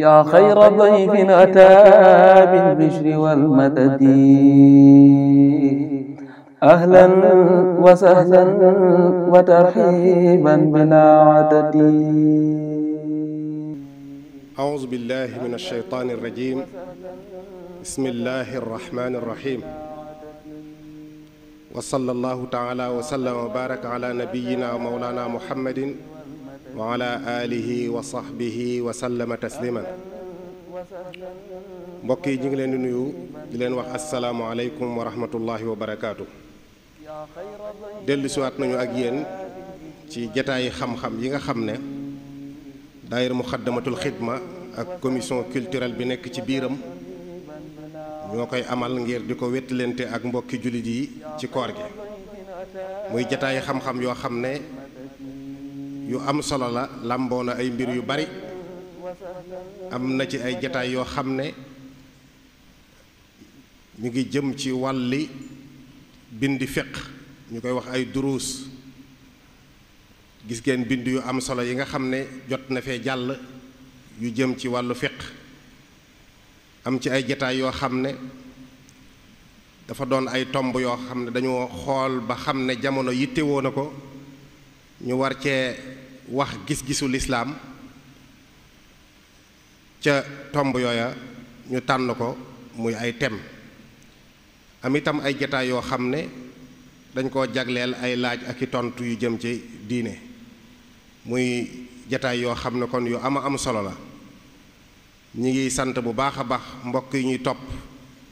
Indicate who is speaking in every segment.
Speaker 1: yaa xayra dayfin ataa bil bishri wal madadi ahlan wa sahlan wa tarxiiban bilaa adadi.
Speaker 2: Auzu billaahi mina shaytaani rajiim. Bismillaahi rahmaani rahiim. Wa sallallaahu taalaa wa sallama wa baaraka alaa nabiyyinaa wa mawlaanaa Muhammadin. wa ala alihi wa sahbihi wa sallama tasliman mbokk yi ñu ngi leen di nuyu di leen wax asalaamualeykum wa rahmatullahi wa barakaatu. dellu siwaat nañu ak yéen ci jataayi xam-xam yi nga xam ne daayira muxaddamatul xidma ak commission culturelle bi nekk ci biiram ñoo koy amal ngir di ko wettilente ak mbokki jullit yi ci koor gi muy jataayi xam-xam yoo xam ne yu am solo la làmboo na ay mbir yu bari am na ci ay jataay yoo xam ne ñu ngi jëm ci wàlli bindi fiq ñu koy wax ay duruus gis ngeen bind yu am solo yi nga xam ne jot na fee jàll yu jëm ci wàllu fiq am ci ay jataay yoo xam ne dafa doon ay tomb yoo xam ne dañoo xool ba xam ne jamono yi yittewoo na ko ñu war cee wax gis-gisu lislaam ca tomb yooya ñu tànn ko muy ay thème am itam ay jataay yoo xam ne dañ koo jagleel ay laaj ak i tontu yu jëm ci diine muy jataay yoo xam ne kon yu ama am solo la ñi ngi sant bu baax a baax mbokk yi ñuy topp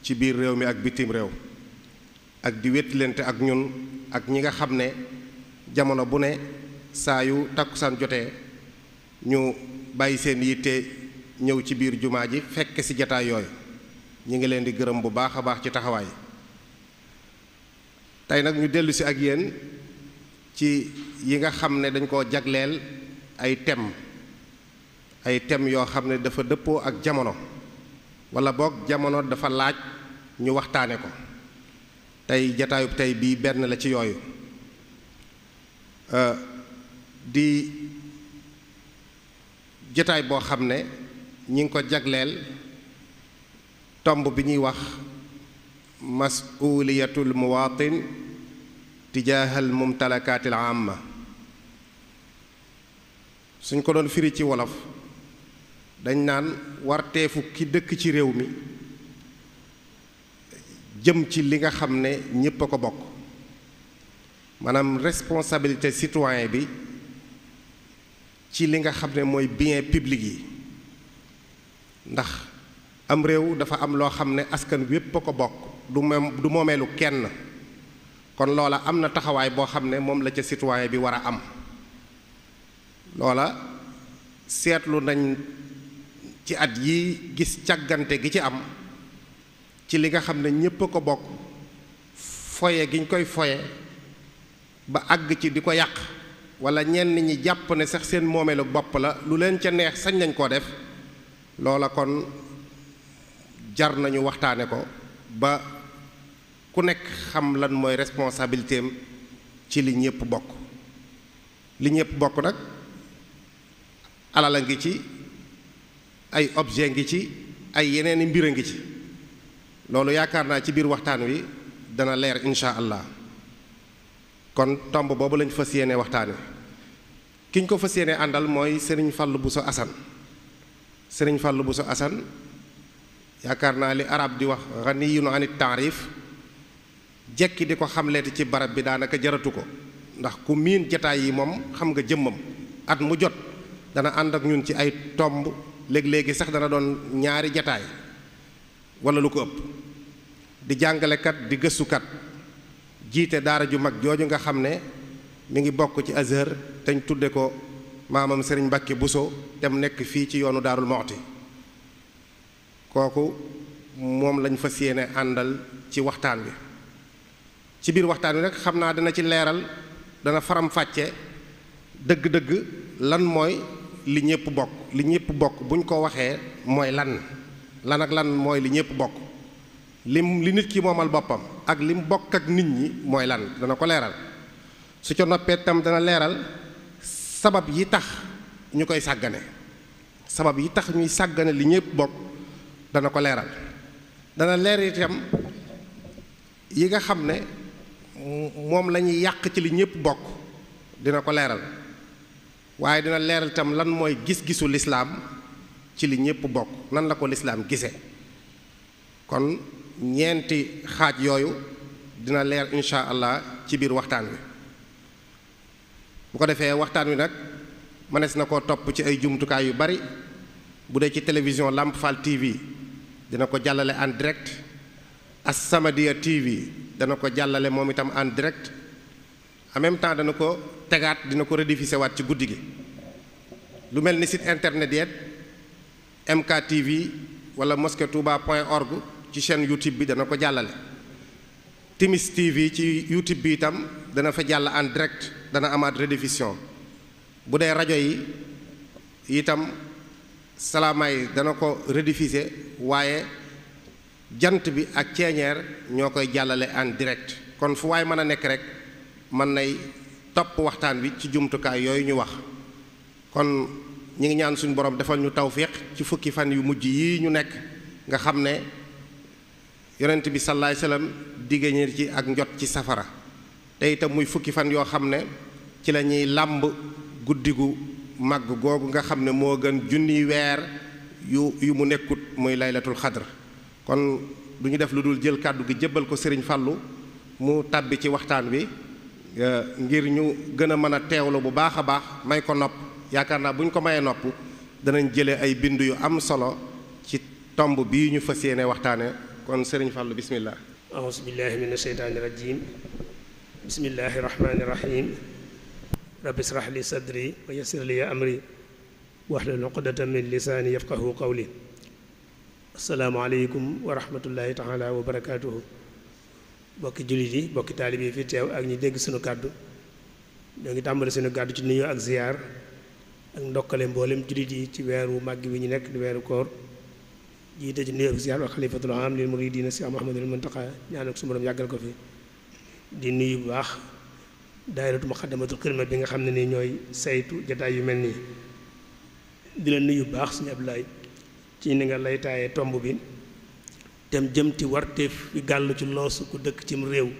Speaker 2: ci biir réew mi ak bitim réew ak di wétlante ak ñun ak ñi nga xam ne jamono bu ne saa yu tàkkusaan jotee ñu bàyyi seen yitte ñëw ci biir jumaa ji fekk si jataay yooyu ñu ngi leen di gërëm bu baax a baax ci taxawaay tey nag ñu dellusi ak yéen ci yi nga xam ne dañ koo jagleel ay thèmes ay thèmes yoo xam ne dafa dëppoo ak jamono wala boog jamono dafa laaj ñu waxtaane ko tey jataayub tey bii benn la ci yooyu euh, di jotaay boo xam ne ñi ngi ko jagleel tomb bi ñuy wax masuuliyatul muwaatin tijaahal mumtalakaatil àmma suñ ko doon firi ci wolof dañ naan warteefu ki dëkk ci réew mi jëm ci li nga xam ne ñépp a ko bokk maanaam responsabilité citoyen bi ci li nga xam ne mooy bien public yi ndax am réew dafa am loo xam ne askan wépp a ko bokk du moom du moomeelu kenn kon loola am na taxawaay boo xam ne moom la ca citoyen bi war a am loola seetlu nañ ci at yi gis càggante gi ci am ci li nga xam ne ñépp a ko bokk foye gi ñu koy foye ba àgg ci di ko yàq wala ñenn ñi jàpp ne sax seen moomeelu bopp la lu leen ca neex sañ lañ koo def loola kon jar nañu waxtaane ko ba ku nekk xam lan mooy responsabilité am ci li ñëpp bokk li ñëpp bokk nag alal a ngi ci ay objet ngi ci ay yeneen i mbir a ngi ci loolu yaakaar naa ci biir waxtaan wi dana leer incha allah kon tomb boobu lañ fas yéene waxtaane ki ñu ko fas yéene àndal mooy sëriñ bu sa Assane sëriñ bu sa Assane yaakaar naa li arab di wax ghaniyun anit taarif jekki di ko xamleeti ci barab bi daanaka jaratu ko ndax ku miin jataay yi moom xam nga jëmmam at mu jot dana ànd ak ñun ci ay tomb léeg-léegi sax dana doon ñaari jataay wala lu ko ëpp di jàngalekat di gëstukat jiite daara ju mag jooju nga xam ne mu ngi bokk ci Azhar te ñu tudde ko maamam Serigne Mbacke Bousso te mu nekk fii ci yoonu Daarul Muxti kooku moom lañ fas yéene àndal ci waxtaan wi ci biir waxtaan wi nag xam naa dina ci leeral dana faram fàcce dëgg-dëgg lan mooy li ñëpp bokk li ñëpp bokk buñ ko waxee mooy lan lan ak lan mooy li ñëpp bokk lim li nit ki moomal boppam ak li mu bokk ak nit ñi mooy lan dana ko leeral su ca noppee tam dana leeral sabab yi tax ñu koy sàggane sabab yi tax ñuy sàggane li ñëpp bokk dana ko leeral dana leer itam yi nga xam ne moom lañuy yàq ci li ñëpp bokk dina ko leeral waaye dina leeral itam lan mooy gis-gisu lislaam ci li ñëpp bokk nan la ko lislaam gisee kon ñeenti xaaj yooyu dina leer incha allah ci biir waxtaan wi bu ko defee waxtaan wi nag mënees na ko topp ci ay jumtukaay yu bari bu dee ci télévision Lamp Fall TV dina ko jàllale en direct As-Samadiyya TV dana ko jàllale moom itam en direct en même temps dana ko tegaat dina ko rediffusé waat ci guddi gi lu mel ni site internet yeet MK TV wala mosquée touba point org ci chaîne YouTube bi dana ko jàllale Timis TV ci YouTube bi itam dana fa jàll en direct dana amaat rediffusion bu dee rajo yi itam salaamay dana ko rédifise waaye jant bi ak ceeñeer ñoo koy jàllale en direct kon fu waay mën a nekk rek mën nay topp waxtaan wi ci jumtukaay yooyu ñu wax kon ñi ngi ñaan suñu borom defal ñu tawféex ci fukki fan yu mujj yii ñu nekk nga xam ne yonent bi salaay salaam diggéñe ci ak njot ci safara te itam muy fukki fan yoo xam ne ci la ñuy làmb guddigu màgg googu nga xam ne moo gën junni weer yu yu mu nekkut muy laylatul xadr kon du ñu def lu dul jël kàddu gi jébbal ko sëriñ fàllu mu tàbbi ci waxtaan wi euh, ngir ñu gën a mën a teewlu bu baax a baax may ko nopp yaakaar naa bu ñu ko mayee nopp danañ jële ay bind yu am solo ci tomb bi ñu fa yéene waxtaane kon sëriñ Fàllu bismillah aousu billahi min asheytaani irajim bismillahi irahmani irahim
Speaker 1: rabbi israh li sadri wa yassir li amri wahlul uqdatan min lisaani yafqahu qawli asalaamaaleykum wa rahmatullahi taala wa barakaatuhu bokki jullit yi bokki taalib fi teew ak ñi dégg suñu kàddu ñoo ngi tàmbali suñu kàddu ci nuyoo ak ziyaar ak ndokkale mboolem jullit yi ci weeru màgg wi ñu nekk di weeru koor jiite ci nuyoo ak ziar ak xalifatul am lil muridina si Muhammadul Muntaqa ñaan ak su borom yàggal ko fi di nuyu bu baax daayiratu muqaddamatul xidma bi nga xam ne ni ñooy saytu jataay yu mel nii di la nuyu bu baax suñu Ablaay ci ni nga lay taayee tomb bi dem jëm ci warteef gàll ci loosu ku dëkk cim réew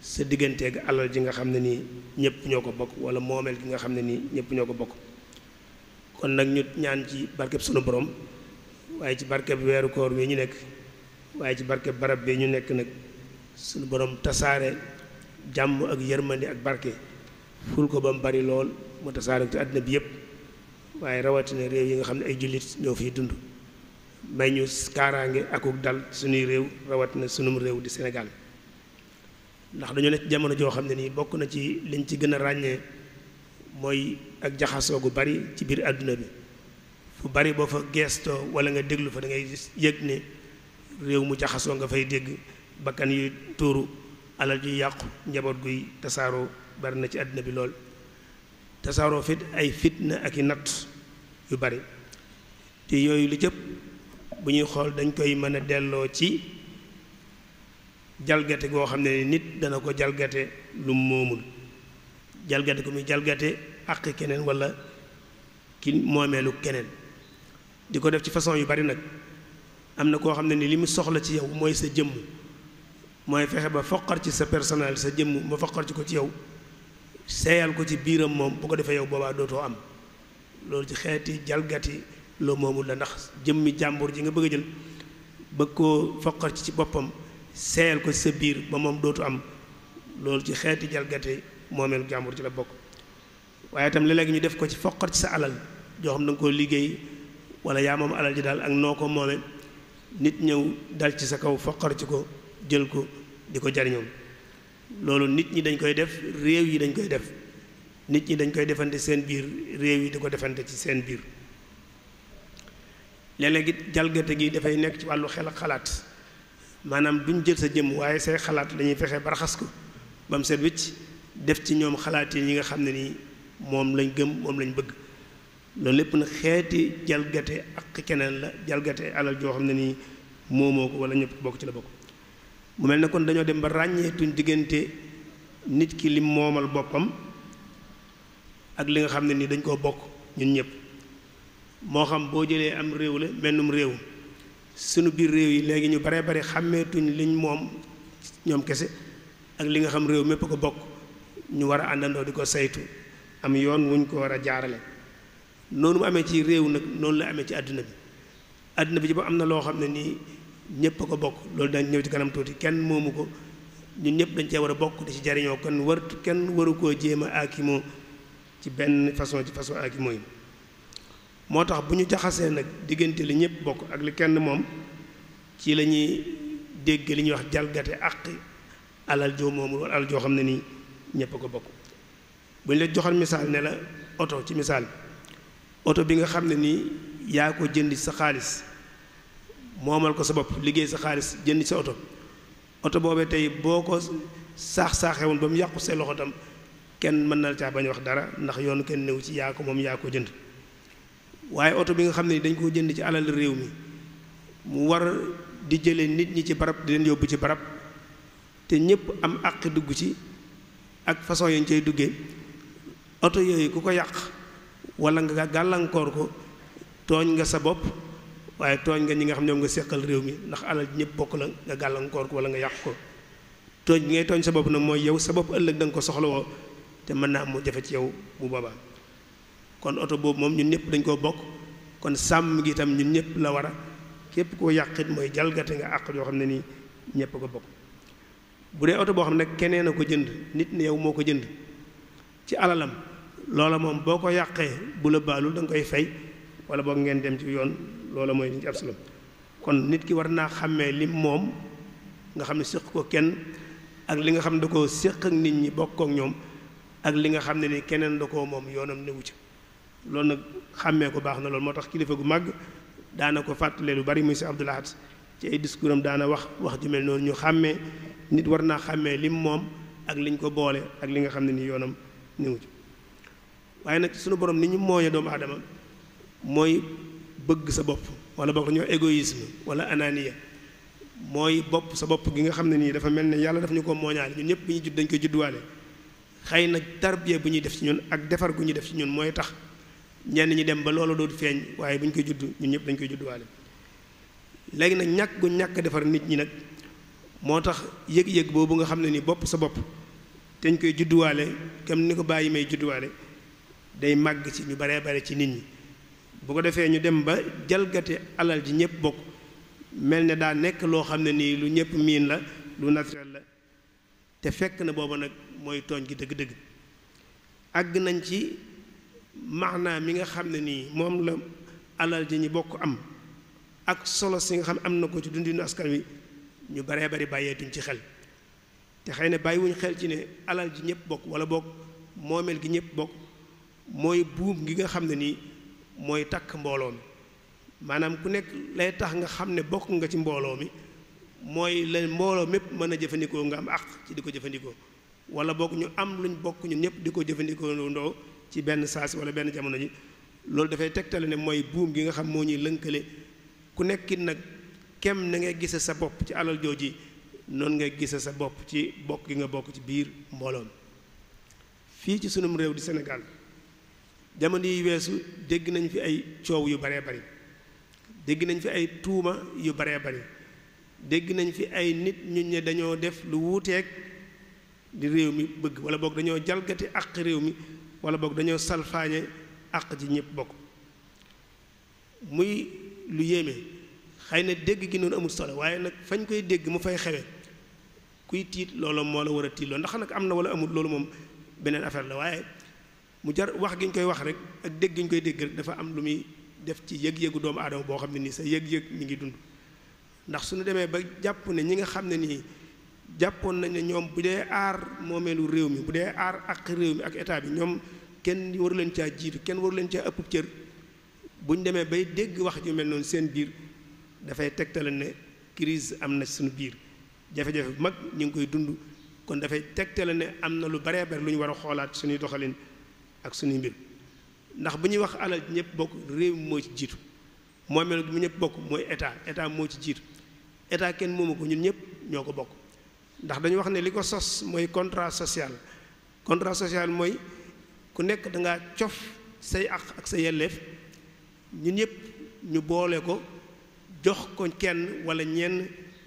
Speaker 1: sa digganteeg alal ji nga xam ne nii ñëpp ñoo ko bokk wala moomeel gi nga xam ne nii ñëpp ñoo ko bokk kon nag ñu ñaan ci barkeb sunu borom waaye ci barke bi weeru koor wi ñu nekk waaye ci bi barab bee ñu nekk nag suñu borom tasaare jàmm ak yërmandi ak barke ful ko ba mu bari lool mu tasaare ci àddina bi yëpp waaye rawatina réew yi nga xam ne ay jullit ñoo fi dund may ñu kaaraange akuk dal suñuy réew rawatina sunum réew di senegal ndax dañu nekk jamono joo xam ne nii bokk na ci liñ ci gën a ràññee mooy ak jaxasoo gu bari ci biir àdduna bi fu bari boo fa geestoo wala nga déglu fa dangay ngay yëg ne réew mu jaxasoo nga fay dégg bakkan yu tuuru alal yu yàqu njaboot guy tasaaroo bari na ci àddina bi lool tasaaroo fit ay fitna ak i natt yu bari te yooyu lu jëpp bu ñuy xool dañ koy mën a delloo ci jalgate goo xam ne nit dana ko jalgate lu moomul jalgate ko muy jalgate àq keneen wala ki moomeelu keneen di ko def ci façon yu bari nag am na koo xam ne ni li mu soxla ci yow mooy sa jëmm mooy fexe ba foqar ci sa personnel sa jëmm ba foqar ci ko ci yow seeyal ko ci biiram moom bu ko defee yow boobaa dootoo am loolu ci xeeti jalgati loo moomul la ndax jëmmi jàmbur ji nga bëgg a jël bëgg koo foqar ci ci boppam seeyal ko ci sa biir ba moom dootu am loolu ci xeeti jalgati moomeel jàmbur ci la bokk waaye tam léeg-léeg ñu def ko ci foqar ci sa alal joo xam da nga koo liggéey wala yaa moom alal ji daal ak noo ko moome nit ñëw dal ci sa kaw foqar ci ko jël ko di ko jariñoom loolu nit ñi dañ koy def réew yi dañ koy def nit ñi dañ koy defante seen biir réew yi di ko defante ci seen biir léeg-léeg it jalgate gi dafay nekk ci wàllu xel ak xalaat maanaam duñ jël sa jëmm waaye say xalaat dañuy fexee ba raxas ko ba mu set wicc def ci ñoom xalaat yi ñi nga xam ne nii moom lañ gëm moom lañ bëgg loolu lépp nag xeeti jalgate ak keneen la jalgate alal joo xam ne nii moomoo ko wala ñëpp bokk ci la bokk mu mel na kon dañoo dem ba ràññeetuñ diggante nit ki lim moomal boppam ak li nga xam ne nii dañ koo bokk ñun ñëpp moo xam boo jëlee am réew la mennum réew sunu biir réew yi léegi ñu baree bari xàmmeetuñ liñ moom ñoom kese ak li nga xam réew mépp ko bokk ñu war a àndandoo di ko saytu am yoon wuñ ko war a jaarale noonu mu amee ci réew nag noonu la amee ci àdduna bi àdduna bi ci am na loo xam ne nii ñëpp ko bokk loolu daañ ñëw ci kanam tuuti kenn moomu ko ñun ñëpp dañu cee war a bokk di ci jariñoo kon war kenn waru koo jéem a ci benn façon ci façon aakimoo yi moo tax bu ñu jaxasee nag diggante li ñëpp bokk ak li kenn moom ci la ñuy dégg li ñuy wax jalgate àq alal joo moomul wala alal joo xam ne nii ñëpp ko bokk bu ñu la joxoon misaal ne la oto ci misaal bi oto bi nga xam ne nii yaa ko jënd sa xaalis moomal ko sa bopp liggéey sa xaalis jënd sa oto oto boobee tey boo ko saax-saaxee woon ba mu yàqu say loxo tam kenn mën na la caa bañ wax dara ndax yoonu kenn néew ci yaa ko moom yaa ko jënd waaye oto bi nga xam ne dañ koo jënd ci alal réew mi mu war di jëlee nit ñi ci barab di leen yóbbu ci barab te ñëpp am àq dugg ci ak façon yañ cay duggee oto yooyu ku ko yàq wala nga gàllankoor ko tooñ nga sa bopp waaye tooñ nga ñi nga xam ñoom nga seqal réew mi ndax alal ñëpp bokk la nga gàllankoor ko wala nga yàq ko tooñ bi ngay tooñ sa bopp nag mooy yow sa bopp ëllëg danga nga ko soxlawoo te mën naa am mu jafe ci yow bu boobaa kon oto boobu moom ñun ñëpp dañ koo bokk kon sàmm gi itam ñun ñëpp la war a képp koo yàqit mooy jalgate nga àq yoo xam ne nii ñëpp ko bokk bu dee oto boo xam ne keneen a ko jënd nit ne yow moo ko jënd ci alalam loola moom boo ko yàqee bu la baalul da nga koy fay wala boog ngeen dem ci yoon loola mooy li ab solo kon nit ki war naa xàmmee lim moom nga xam ne séq ko kenn ak li nga xam ne da koo séq nit ñi bokk ak ñoom ak li nga xam ne ni keneen da koo moom yoonam newu ca loolu nag xàmmee ko baax na lool moo tax kilifa gu mag daana ko fàttalee lu bari muy si Abdou Lahad ci ay discours daana wax wax ju mel noonu ñu xàmmee nit war naa xàmmee lim moom ak liñ ko boole ak li nga xam ne nii yoonam newu ca waaye nag suñu borom ni ñu mooñe doomu aadama mooy bëgg sa bopp wala boog dañoo égoïsme wala ananiya mooy bopp sa bopp gi nga xam ne nii dafa mel ne yàlla daf ñu ko mooñaale ñun ñëpp ñuy judd dañ koy judduwaale xëy na tarbiya bu ñuy def ci ñun ak defar gu ñuy def ci ñun mooy tax ñenn ñi dem ba loolu dootu feeñ waaye bu koy judd ñun ñëpp dañ koy judduwaale léegi nag ñàkk ñàkk defar nit ñi nag moo tax yëg-yëg boobu nga xam ne ni bopp sa bopp dañ koy judduwaale comme ni ko bàyyi may judduwaale day màgg ci ñu baree bare ci nit ñi bu ko defee ñu dem ba jalgate alal ji ñëpp bokk mel ne daa nekk loo xam ne nii lu ñëpp miin la lu naturel la te fekk na booba nag mooy tooñ gi dëgg-dëgg àgg nañ ci max maanaa mi nga xam ne nii moom la alal ji ñu bokk am ak solo si nga xam am na ko ci dundinu askan wi ñu baree bari bàyyeetuñ ci xel te xëy na bàyyiwuñ xel ci ne alal ji ñëpp bokk wala bokk moomeel gi ñëpp bokk mooy buum gi nga xam ne nii mooy takk mbooloo mi maanaam ku nekk lay tax nga xam ne bokk nga ci mbooloo mi mooy la mbooloo mépp mën a jëfandikoo nga am ak ci di ko jëfandikoo wala bokk ñu am luñ bokk ñun ñëpp di ko jëfandikoo ndoo ci benn saa si wala benn jamono ji loolu dafay tegtale ne mooy buum gi nga xam moo ñuy lënkale ku nekkit nag kem na ngay gise sa bopp ci alal jooji noonu ngay gise sa bopp ci bokk gi nga bokk ci biir mbooloo mi fii ci sunum réew di Sénégal jamono yi weesu dégg nañ fi ay coow yu baree bari dégg nañ fi ay tuuma yu baree bari dégg nañ fi ay nit ñun ne dañoo def lu wuuteeg di réew mi bëgg wala boog dañoo jalgati àq réew mi wala boog dañoo salfaañe àq ji ñëpp bokk muy lu yéeme xëy na dégg gi noonu amul solo waaye nag fañ koy dégg mu fay xewe kuy tiit loolu moo la war a tiit loolu ndax nag am na wala amul loolu moom beneen affaire la waaye mu jar wax gi ñu koy wax rek ak dégg ñu koy dégg rek dafa am lu muy def ci yëg-yëgu doomu aadama boo xam ne nii sa yëg-yëg mi ngi dund ndax suñu demee ba jàpp ne ñi nga xam ne nii jàppoon nañ ne ñoom bu dee aar moomeelu réew mi bu dee aar ak réew mi ak état bi ñoom kenn waru leen caa jiitu kenn waru leen caa ëpp cër bu ñu demee bay dégg wax ju mel noonu seen biir dafay tegtale ne crise am na suñu biir jafe-jafe bu mag ñu ngi koy dund kon dafay tegtale ne am na lu baree bari lu ñu war a xoolaat suñuy doxalin ak suñuy mbir ndax bu ñuy wax alal ñëpp bokk réew mi mooy ci jiitu moomeel bi ñëpp bokk mooy état état mooy ci jiitu état kenn moomu ko ñun ñëpp ñoo ko bokk ndax dañu wax ne li ko sos mooy contrat social contrat social mooy ku nekk danga cof say àq ak sa yelleef ñun ñëpp ñu boole ko jox ko kenn wala ñenn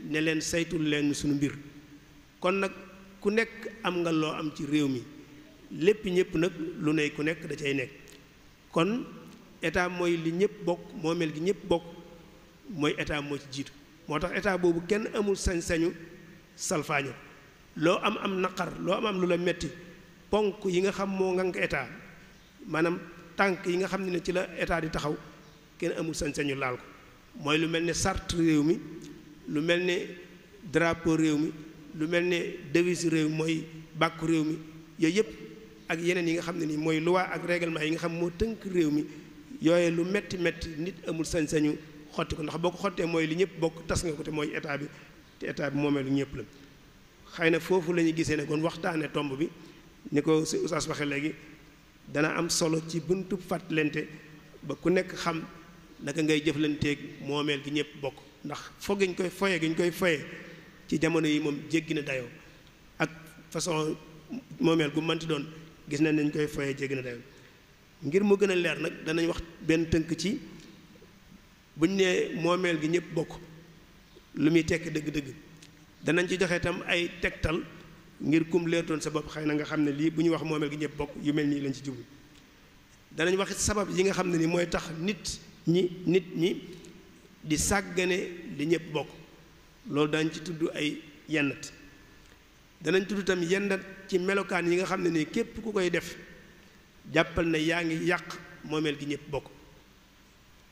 Speaker 1: ne leen saytul leen suñu mbir kon nag ku nekk am nga loo am ci réew mi lépp ñëpp nag lu ne ku nekk da cay nekk kon état mooy li ñëpp bokk moomeel gi ñëpp bokk mooy état moo ci jiitu moo tax état boobu kenn amul sañ-sañu salfaañu loo am am naqar loo am am lu la metti ponk yi nga xam moo ngank état maanaam tànk yi nga xam ne ci la état di taxaw kenn amul sañ-sañu laal ko mooy lu mel ne charte réew mi lu mel ne drapeau réew mi lu mel ne devise réew mooy bàkku réew mi yooyu yëpp ak yeneen yi nga xam ne nii mooy loi ak règlement yi nga xam moo tënk réew mi yooye lu metti metti nit amul sañ-sañu xotti ko ndax boo ko xottee mooy li ñëpp bokk tas nga ko te mooy bi te état bi moomee ñëpp la xëy na foofu la ñu gisee ne kon waxtaane tomb bi ni ko si oustaz waxe léegi dana am solo ci buntu fàttalente ba ku nekk xam naka ngay jëflanteeg moomeel gi ñëpp bokk ndax foog ñu koy foye gi ñu koy foye ci jamono yi moom jéggi na dayoo ak façon moomeel gu mënti doon gis nañ nañ koy foyee jéggi na dayo ngir mu gën a leer nag danañ wax benn tënk ci buñ nee moomeel gi ñëpp bokk lu muy tekk dëgg-dëgg danañ ci joxe itam ay tegtal ngir kum leetoon sa bopp xëy na nga xam ne lii bu ñu wax moomeel gi ñëpp bokk yu mel nii lañ ci jublu danañ wax sabab yi nga xam ne ni mooy tax nit ñi nit ñi di sàggane li ñëpp bokk loolu dañ ci tudd ay yennat danañ tudd tam yennat ci melokaan yi nga xam ne nii képp ku koy def jàppal na yaa ngi yàq moomeel gi ñëpp bokk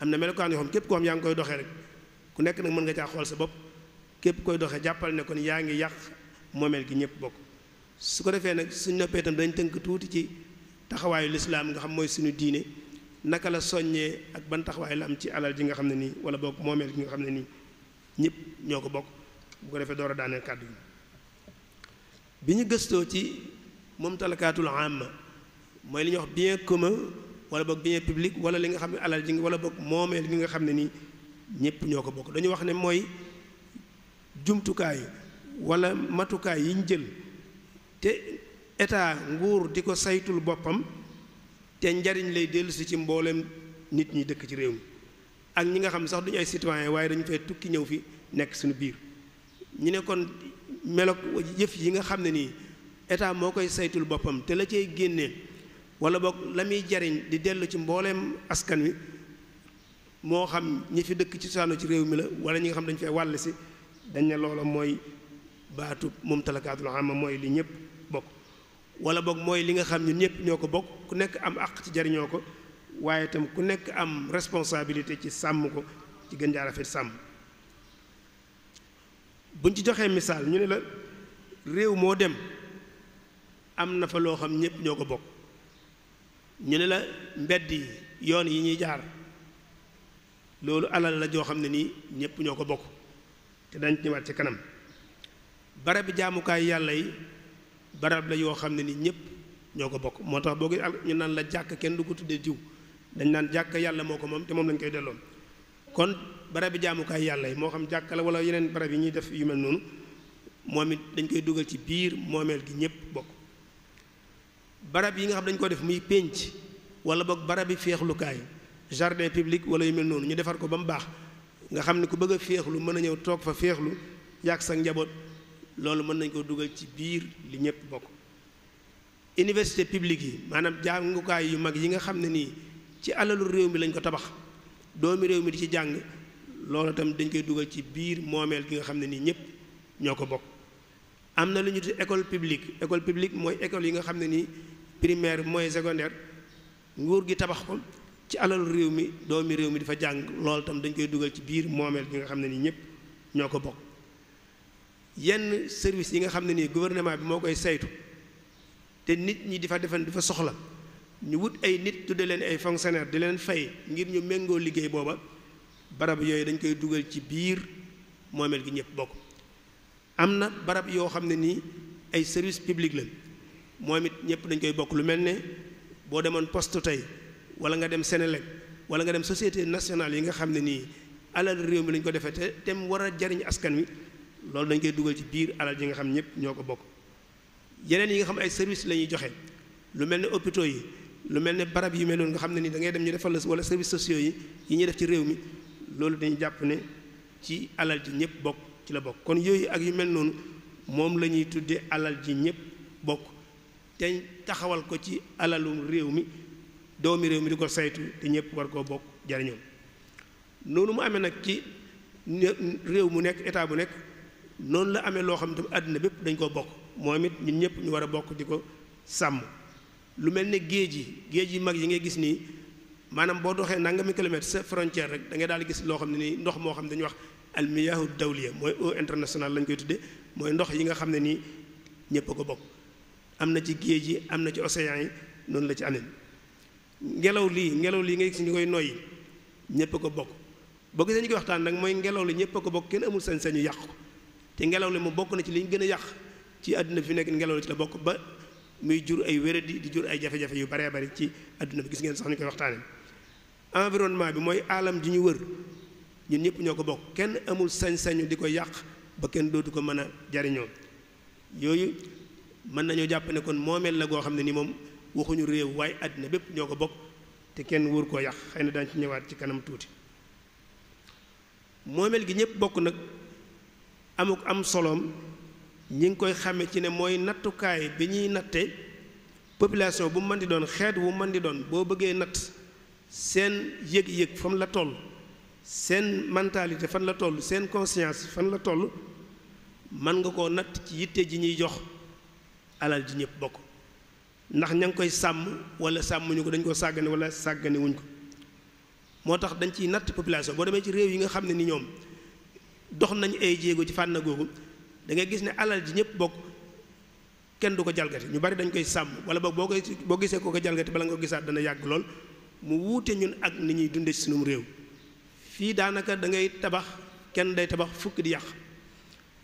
Speaker 1: am na melokaan yoo xam képp koo xam yaa ngi koy doxee rek ku nekk nag mën nga caa xool sa bopp képp koy doxee jàppal ne kon yaa ngi yàq moomeel gi ñëpp bokk su ko defee nag suñ noppee itam dañ tënk tuuti ci taxawaayu lislaam nga xam mooy suñu diine naka la soññee ak ban taxawaay la am ci alal ji nga xam ne nii wala boog moomeel gi nga xam ne nii ñëpp ñoo ko bokk bu ko defee door a daaneel kàddu yi bi ñu gëstoo ci moom talakaatul amma mooy li ñuy wax bien commun wala boog bien public wala li nga xam ne alal ji wala boog moomeel gi nga xam ne nii ñëpp ñoo ko bokk dañu wax ne mooy jumtukaay wala matukaay yi ñu jël te état nguur di ko saytul boppam te njariñ lay dellusi ci mboolem nit ñi dëkk ci réew mi ak ñi nga xam sax duñu ay citoyen waaye dañu fay tukki ñëw fi nekk suñu biir ñu ne kon melok yëf yi nga xam ne nii état moo koy saytul boppam te la cay génne wala boog la muy jariñ di dellu ci mbooleem askan wi moo xam ñi fi dëkk ci saano ci réew mi la wala ñi nga xam dañ fee wàll si dañ ne loola mooy baatu moom talakaatul ama mooy li ñëpp bokk wala boog mooy li nga xam ñun ñëpp ñoo ko bokk ku nekk am àq ci jariñoo ko waaye itam ku nekk am responsabilité ci sàmm ko ci gën jaarafet sàmm buñ ci joxee misaal ñu ne la réew moo dem am na fa loo xam ñépp ñoo ko bokk ñu ne la mbedd yi yoon yi ñuy jaar loolu alal la joo xam ne nii ñépp ñoo ko bokk te dañ ñëwaat ci kanam barab jaamukaay yàlla yi barab la yoo xam ne nii ñépp ñoo ko bokk moo tax boo gi ñu naan la jàkk kenn du ko tuddee jiw dañ naan jàkk yàlla moo ko moom te moom lañ koy delloon kon barabi jaamukaay yàlla yi moo xam jàkkale la wala yeneen barab yi ñuy def yu mel noonu moom it dañ koy dugal ci biir moomeel gi ñëpp bokk barab yi nga xam dañ ko def muy pénc wala boog barab yi féexlukaay jardin public wala yu mel noonu ñu defar ko ba mu baax nga xam ne ku bëgg a féexlu mën a ñëw toog fa féexlu yàgg sa njaboot loolu mën nañ ko dugal ci biir li ñëpp bokk université publique yi maanaam jàngukaay yu mag yi nga xam ne nii ci alalu réew mi lañ ko tabax doomi réew mi di ci jàng loolu itam dañ koy dugal ci biir moomeel gi nga xam ne nii ñëpp ñoo ko bokk am na lu ñu tudd école publique école publique mooy école yi nga xam ne ni primaire mooy secondaire nguur gi tabax ko ci alalu réew mi doomi réew mi dafa jàng loolu dañ koy dugal ci biir moomeel gi nga xam ne nii ñëpp ñoo ko bokk yenn service yi nga xam ne nii gouvernement bi moo koy saytu te nit ñi di fa defan di fa soxla ñu wut ay nit tudde leen ay fonctionnaire di leen fay ngir ñu méngoo liggéey booba barab yooyu dañ koy dugal ci biir moomeel gi ñëpp bokk am na barab yoo xam ne nii ay service public la moom it ñëpp dañ koy bokk lu mel ne boo demoon poste tey wala nga dem Sénélec wala nga dem société nationale yi nga xam ne nii alal réew mi lañ ko defee te te mu war a jariñ askan wi loolu dañ koy dugal ci biir alal yi nga xam ñëpp ñoo ko bokk yeneen yi nga xam ay service la ñuy joxe lu mel ne hôpitaux yi lu mel ne barab yi mel nga xam ne nii da ngay dem ñu defal wala service sociaux yi yi ñuy def ci réew mi loolu dañu jàpp ne ci alal ji ñëpp bokk ci la bokk kon yooyu ak yu mel noonu moom la ñuy tuddee alal ji ñëpp bokk te taxawal ko ci alalum réew mi doomi réew mi di ko saytu te ñëpp war koo bokk jariñoo noonu mu amee nag ci réew mu nekk état bu nekk noonu la amee loo xam ne àddina bépp dañ koo bokk moom it ñu ñëpp ñu war a bokk di ko sàmm lu mel ne géej yi géej yi mag yi ngay gis nii maanaam boo doxee nangami kilomètre sa frontière rek da ngay daal gis loo xam ne nii ndox moo xam ne dañuy wax almiyahu dawliya mooy eau lañ koy tuddee mooy ndox yi nga xam ne nii ñëpp a ko bokk am na ci géej yi am na ci océan yi noonu la ci amee ngelaw lii ngelaw lii nga gis ñu koy noyyi ñëpp ko bokk boo gisee ñu koy nag mooy ngelaw li ñëpp a bokk kenn amul sañ-sañu yàq ko te ngelaw li mu bokk na ci li ñu gën a yàq ci àdduna bi fi nekk ngelaw li ci la bokk ba muy jur ay wéradi di jur ay jafe-jafe yu baree bari ci àdduna bi gis ngeen sax ñu koy waxtaanee. environnement bi mooy alam ji ñu wër ñun ñëpp ñoo ko bokk kenn amul sañ-sañu di ko yàq ba kenn dootu ko mën a jariñoo yooyu mën nañu jàpp ne kon moomeel la goo xam ne ni moom waxuñu réew waaye àddina bépp ñoo ko bokk te kenn wër koo yàq xëy na daañu ci ñëwaat ci kanam tuuti moomeel gi ñëpp bokk nag amuk am soloom ñi ngi koy xàmme ci ne mooy nattukaay bi ñuy natte population bu mën di doon xeet wu mën di doon boo bëggee natt seen yëg-yëg fam la toll seen mentalité fan la toll seen conscience fan la toll mën nga koo natt ci yitte ji ñuy jox alal ji ñëpp bokk ndax ña ngi koy sàmm wala sàmmuñu ko dañ ko sàggane wala sàgganewuñ ko moo tax dañ ciy natt population boo demee ci réew yi nga xam ne ni ñoom dox nañu ay jéego ci fànn googu dangay gis ne alal ji ñëpp bokk kenn du ko jalgati ñu bari dañ koy sàmm wala boog boo koy boo gisee ko ko jalgati bala nga ko gisaat dana yàgg lool mu wuute ñun ak ni ñuy dunde ci sunum réew fii daanaka da ngay tabax kenn day tabax fukk di yàq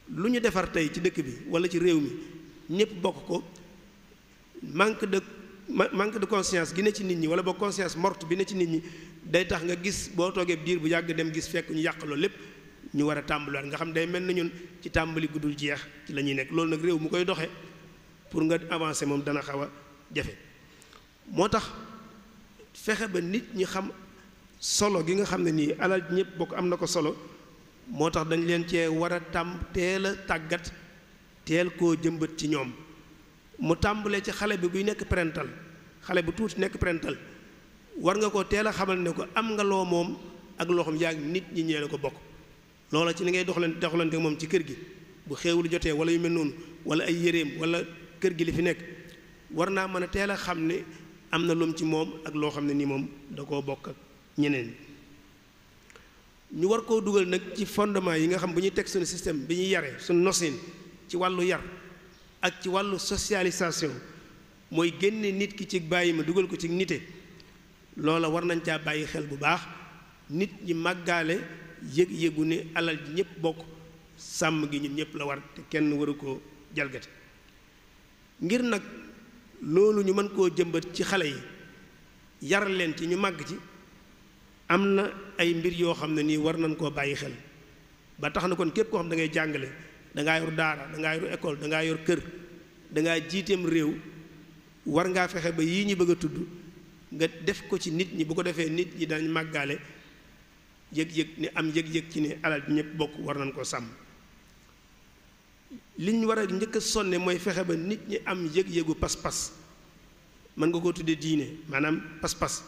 Speaker 1: lu ñu defar tey ci dëkk bi wala ci réew mi ñëpp bokk ko manque de manque de conscience gi ne ci nit ñi wala ba conscience mort bi ne ci nit ñi day tax nga gis boo toogee diir bu yàgg dem gis fekk ñu yàq loolu lépp ñu war a tàmbaliwaat nga xam day mel na ñun ci tàmbali guddul jeex ci la ñuy nekk loolu nag réew mu koy doxee pour nga avancé moom dana xaw a jafe moo tax fexe ba nit ñi xam solo gi nga xam ne nii alal ñëpp bokk am na ko solo moo tax dañ leen cee war a tàmm teel a tàggat teel koo jëmbat ci ñoom mu tàmbalee ci xale bi buy nekk parental xale bu tuuti nekk parental war nga ko teel a xamal ne ko am nga loo moom ak loo yàgg nit ñi ñee ko bokk loola ci ni ngay doxalante doxalante moom ci kër gi bu xéewul jotee wala yu mel noonu wala ay yéreem wala kër gi li fi nekk war naa mën a teel a xam ne am na lum ci moom ak loo xam ne ni moom da koo bokk ak ñeneen ñu war koo dugal nag ci fondement yi nga xam bu ñuy teg suñu système bi ñu yare suñu nosin ci wàllu yar ak ci wàllu socialisation mooy génne nit ki ci bàyyi ma dugal ko ci nite loola war nañ caa bàyyi xel bu baax nit ñi màggaale yëg-yëgu ne alal ji ñëpp bokk sàmm gi ñu ñëpp la war te kenn waru koo jalgati ngir nag loolu ñu mën koo jëmbat ci xale yi yar leen ci ñu màgg ci am na ay mbir yoo xam ne nii war nañ koo bàyyi xel ba tax na kon képp koo xam da ngay jàngale dangaa yor daara dangaa yor école dangaa yor kër dangaa jiiteem réew war ngaa fexe ba yii ñu bëgg a tudd nga def ko ci nit ñi bu ko defee nit ñi dañ màggaale yëg-yëg ni am yëg-yëg ci ne alal bi ñëpp bokk war nañ koo sàmm li ñu war a njëkk a mooy fexe ba nit ñi am yëg-yëgu pas-pas mën nga koo tuddee diine maanaam pas-pas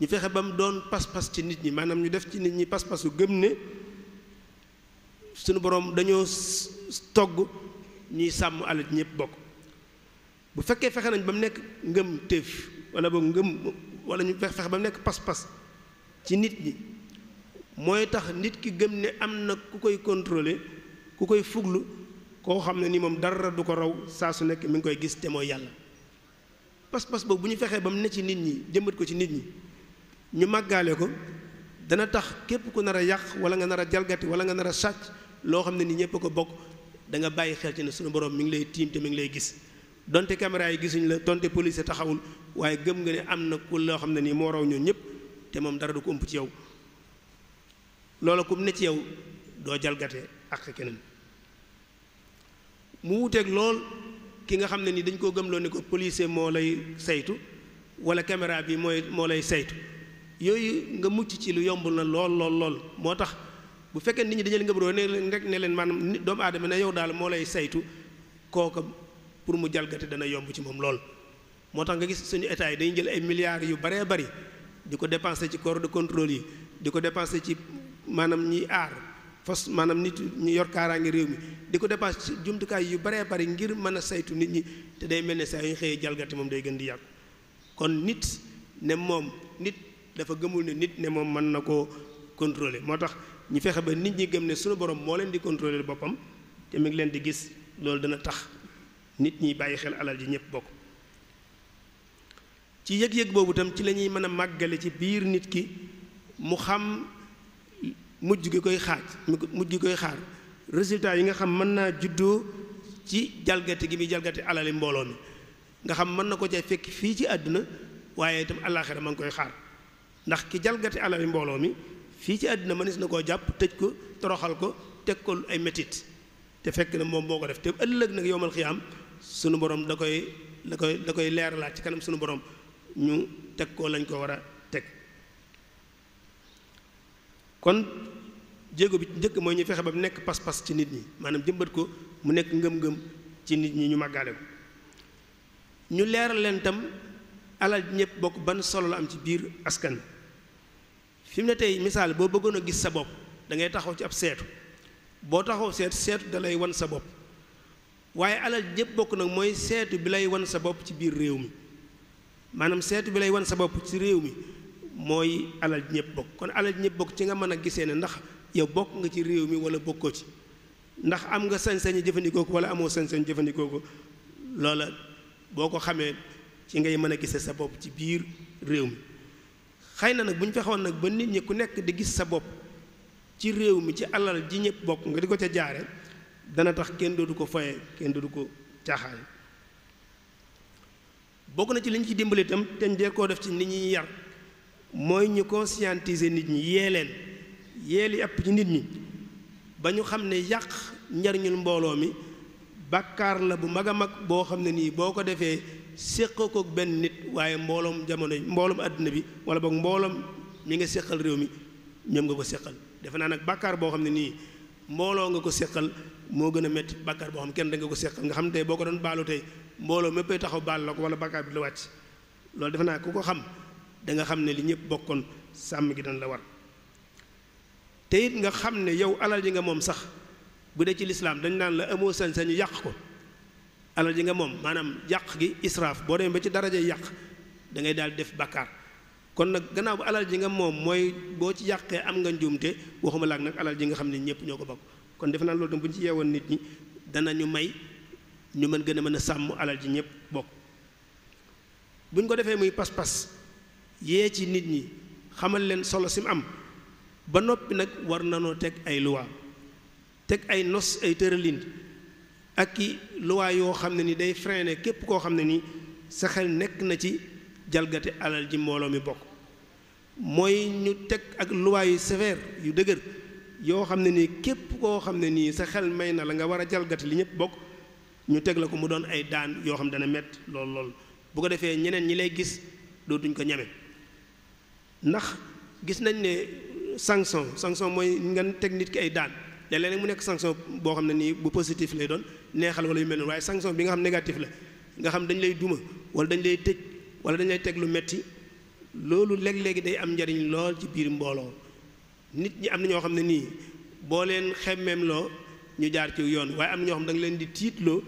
Speaker 1: ñu fexe ba mu doon pas-pas ci nit ñi maanaam ñu def ci nit ñi pas-pasu gëm ne suñu boroom dañoo togg ñuy sàmm alal ñëpp bokk bu fekkee fexe nañ ba nekk ngëm téef wala ba ngëm wala ñu fexe ba mu nekk pas-pas ci nit ñi mooy tax nit ki gëm ne am na ku koy contrôler ku koy fuglu koo xam ne nii moom dara du ko raw saa su nekk mi ngi koy gis te mooy yàlla pas-pas boobu bu ñu fexee ba mu ne ci nit ñi jëmbat ko ci nit ñi ñu màggaale ko dana tax képp ku nar a yàq wala nga nar a jalgate wala nga nar a sàcc loo xam ne ni ñëpp ko bokk da nga bàyyi xel ci ne sunu borom mi ngi lay tiim te mi ngi lay gis donte caméra yi gisuñ la donte police taxawul waaye gëm nga ne am na ku loo xam ne nii moo raw ñun ñëpp te moom dara du ko ëmp ci yow loola kum ne ci yow doo jalgate ak mu wuteeg lool ki nga xam ne ni dañ koo gëmloo ni ko policier moo lay saytu wala caméra bi mooy moo lay saytu yooyu nga mucc ci lu yombul na lool lool lool moo tax bu fekkee nit ñi dañu nga gëmloo ne leen rek ne leen maanaam doomu aadama ne yow daal moo lay saytu kooka pour mu jalgati dana yomb ci moom lool moo tax nga gis suñu état yi dañuy jël ay milliards yu baree bari di ko dépenser ci corps de contrôle yi di ko dépenser ci maanaam ñiy aar fos maanaam nit ñu yor kaaraange réew mi di ko dépense jumtukaay yu baree bari ngir mën a saytu nit ñi te day mel ne saa yu ñu xëyee jalgati moom day gën di yàqu kon nit ne moom nit dafa gëmul ne nit ne moom mën na koo contrôler moo tax ñu fexe ba nit ñi gëm ne suñu borom moo leen di contrôler boppam te mi ngi leen di gis loolu dana tax nit ñi bàyyi xel alal yi ñëpp bokk ci yëg-yëg boobu tam ci lañuy mën a màggale ci biir nit ki mu xam mujj gi koy xaaj mujj gi koy xaar résultat yi nga xam mën naa juddoo ci jalgati gi muy jalgati alali mbooloo mi nga xam mën na ko ca fekk fii ci àddina waaye itam àllaaxira ma ngi koy xaar ndax ki jalgati alali mbooloo mi fii ci àdduna mënees na koo jàpp tëj ko toroxal ko teg ko ay métit te fekk na moom boo ko def te ëllëg nag yowmal xiyaam sunu borom da koy da koy da koy leeralaat ci kanam sunu borom ñu teg ko lañ ko war a kon jéego bi njëkk mooy ñu fexe ba mu nekk pas-pas ci nit ñi maanaam jëmbat ko mu nekk ngëm-ngëm ci nit ñi ñu màggaale ko ñu leeral leen tam alal ñëpp bokk ban solo la am ci biir askan fi mu ne tey misaal boo bëggoon a gis sa bopp dangay taxaw ci ab seetu boo taxaw seet seetu dalay wan sa bopp waaye alal ñëpp bokk nag mooy seetu bi lay wan sa bopp ci biir réew mi maanaam seetu bi lay wan sa bopp ci réew mi mooy alal ñëpp bokk kon alal ñëpp bokk ci nga mën a gisee ne ndax yow bokk nga ci réew mi wala bokkoo ci ndax am nga sañ-sañu jëfandikoo ko wala amoo sañ-sañu jëfandikoo ko loola boo ko xamee ci ngay mën a gise sa bopp ci biir réew mi xëy na nag bu ñu fexoon nag ba nit ñi ku nekk di gis sa bopp ci réew mi ci alal ji ñëpp bokk nga di ko ca jaare dana tax kenn dootu ko faye kenn dootu ko caaxaay bokk na ci li ñu ci dimbalitam itam te ñu koo def ci nit ñi yar mooy ñu conscientiser nit ñi yee leen yee li ëpp ci nit ñi ba ñu xam ne yàq njariñul mbooloo mi bàkkaar la bu mag a mag boo xam ne nii boo ko defee séq ko benn nit waaye mbooloom jamono mbooloom àdduna bi wala boog mbooloom mi nga séqal réew mi ñoom nga ko séqal defe naa nag bàkkaar boo xam ne nii mbooloo nga ko séqal moo gën a métti bàkkaar boo xam kenn da nga ko séqal nga xam ne tey boo ko doon baalu tey mbooloo méppay taxaw baal la ko wala bàkkaar bi la wàcc loolu defe naa ku ko xam da nga xam ne li ñëpp bokkoon sàmm gi dañ la war te it nga xam ne yow alal ji nga moom sax bu dee ci lislaam dañ naan la amoo sañ ñu yàq ko alal ji nga moom maanaam yàq gi israaf boo demee ba ci daraja yàq da ngay daal def bàkkaar kon nag gannaaw bu alal ji nga moom mooy boo ci yàqee am nga njuumte waxuma laak nag alal ji nga xam ne ñëpp ñoo ko bokk kon defe naa loolu tam bu ñu ci yeewoon nit ñi dana ñu may ñu mën gën a mën a sàmm alal ji ñëpp bokk yée ci nit ñi xamal leen solo sim am ba noppi nag war nanoo teg ay luwaa teg ay nos ay tëralin ak ki luwaa yoo xam ne ni day freiné képp koo xam ne nii sa xel nekk na ci jalgati alal ji mbooloo mi bokk mooy ñu teg ak luwaa yu sévère yu dëgër yoo xam ne nii képp koo xam ne nii sa xel may na la nga war a jalgati li ñëpp bokk ñu teg la ko mu doon ay daan yoo xam dana mett lool lool bu ko defee ñeneen ñi lay gis dootuñ ko ñeme ndax gis nañ ne sanction sanction mooy nga teg nit ki ay daan léeg-léeg mu nekk sanction boo xam ne nii bu positif lay doon neexal wala yu mel noonu waaye sanction bi nga xam négatif la nga xam dañ lay duma wala dañ lay tëj wala dañ lay teg lu metti loolu léeg-léegi day am njariñ lool ci biir mbooloo nit ñi am na ñoo xam ne nii boo leen xemmeem loo ñu jaar ci yoon waaye am na ñoo xam da nga leen di tiitloo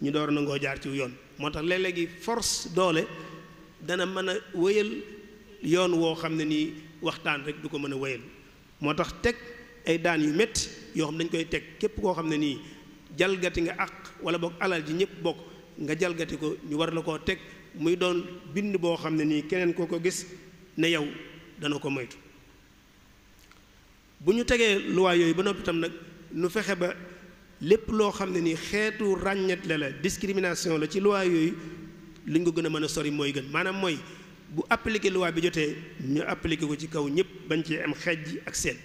Speaker 1: ñu door nangoo jaar ci yoon moo tax léeg-léegi force doole mën a wëyal yoon woo xam ne nii waxtaan rek du ko mën a wéyal moo tax teg ay daan yu metti yoo xam dañ koy teg képp koo xam ne nii jalgati nga àq wala boog alal ji ñëpp bokk nga jalgati ko ñu war la koo teg muy doon bind boo xam ne nii keneen koo ko gis ne yow dana ko moytu bu ñu tegee luwaay yooyu ba noppi tam nag nu fexe ba lépp loo xam ne nii xeetu ràññet la la discrimination la ci luwaay yooyu li ñu ko gën a mën a sori mooy gën maanaam mooy bu appliqué loi bi jotee ñu appliqué ko ci kaw ñëpp bañ ci am xejj ak seet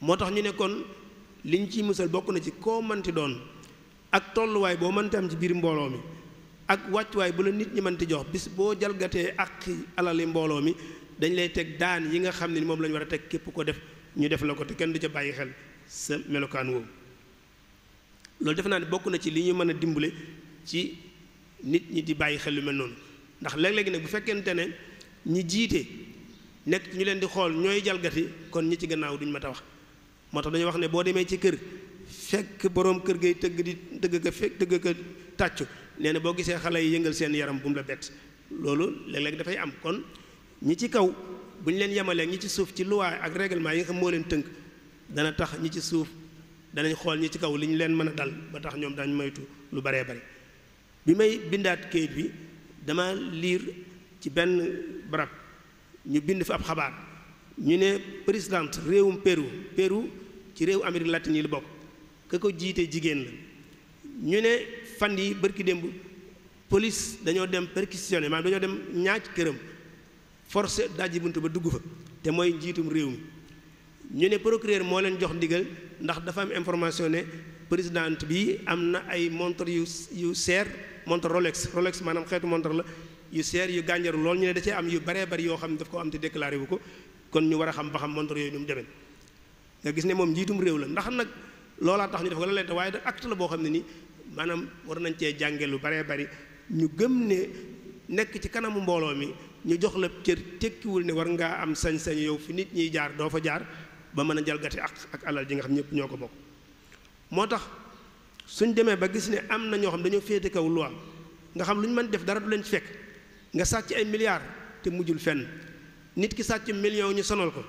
Speaker 1: moo tax ñu nekkoon kon liñ ciy musal bokk na ci koo manti doon ak tolluwaay boo mënti am ci biir mbooloo mi ak wàccuwaay bu la nit ñi mënti jox bis boo jalgatee ak alali mbooloo mi dañu lay teg daan yi nga xam ne moom lañu war a teg képp ko def ñu def la ko te kenn du ca bàyyi xel sa melokaan woowu loolu defe naa ne bokk na ci li ñu mën a dimbale ci nit ñi di bàyyi xel lu mel noonu ndax léeg-léegi nag bu fekkente ne ñi jiite nekk ñu leen di xool ñooy jalgati kon ñi ci gannaaw duñ mat a wax moo tax dañuy wax ne boo demee ci kër fekk boroom kër gay tëgg di tëgg ka tàccu nee na boo gisee xale yi yëngal seen yaram bu mu la bett loolu léeg-léeg dafay am kon ñi ci kaw bu ñu leen yemalee ñi ci suuf ci luwaay ak règlement yi nga xam moo leen tënk dana tax ñi ci suuf danañ xool ñi ci kaw li ñu leen mën a dal ba tax ñoom dañ moytu lu baree bari kayit bi dama liir ci benn barab ñu bind fa ab xabaar ñu ne présidente réewum Pérou péru ci réew Amérique latine yi la bokk ka ko jiite jigéen la ñu ne fan yi bërki démb police dañoo dem perquisitionné maanaam dañoo dem ñaaj këram force dajji bunt ba dugg fa te mooy njiitum réew mi ñu ne procureur moo leen jox ndigal ndax dafa am information ne présidente bi am na ay montre yu yu seer montre Rolex Rolex maanaam xeetu montre la yu seer yu gànjaru loolu ñu ne da cee am yu baree bari yoo xam ne daf ko am te déclaré wu ko kon ñu war a xam ba xam montre yooyu nu mu demee nga gis ne moom njiitum réew la ndax nag loolaa tax ñu def ko la leen waaye da acte la boo xam ne ni maanaam war nañ cee jànge lu baree bari ñu gëm ne nekk ci kanamu mbooloo mi ñu jox la cër tekkiwul ne war ngaa am sañ-sañ yow fi nit ñiy jaar doo fa jaar ba mën a jalgati ak ak alal ji nga xam ñëpp ñoo ko bokk moo tax suñ demee ba gis ne am na ñoo xam dañoo féete kaw loi nga xam lu ñu mën def dara du leen ci fekk nga sàcc ay milliards te mujjul fenn nit ki sàcc million ñu sonal ko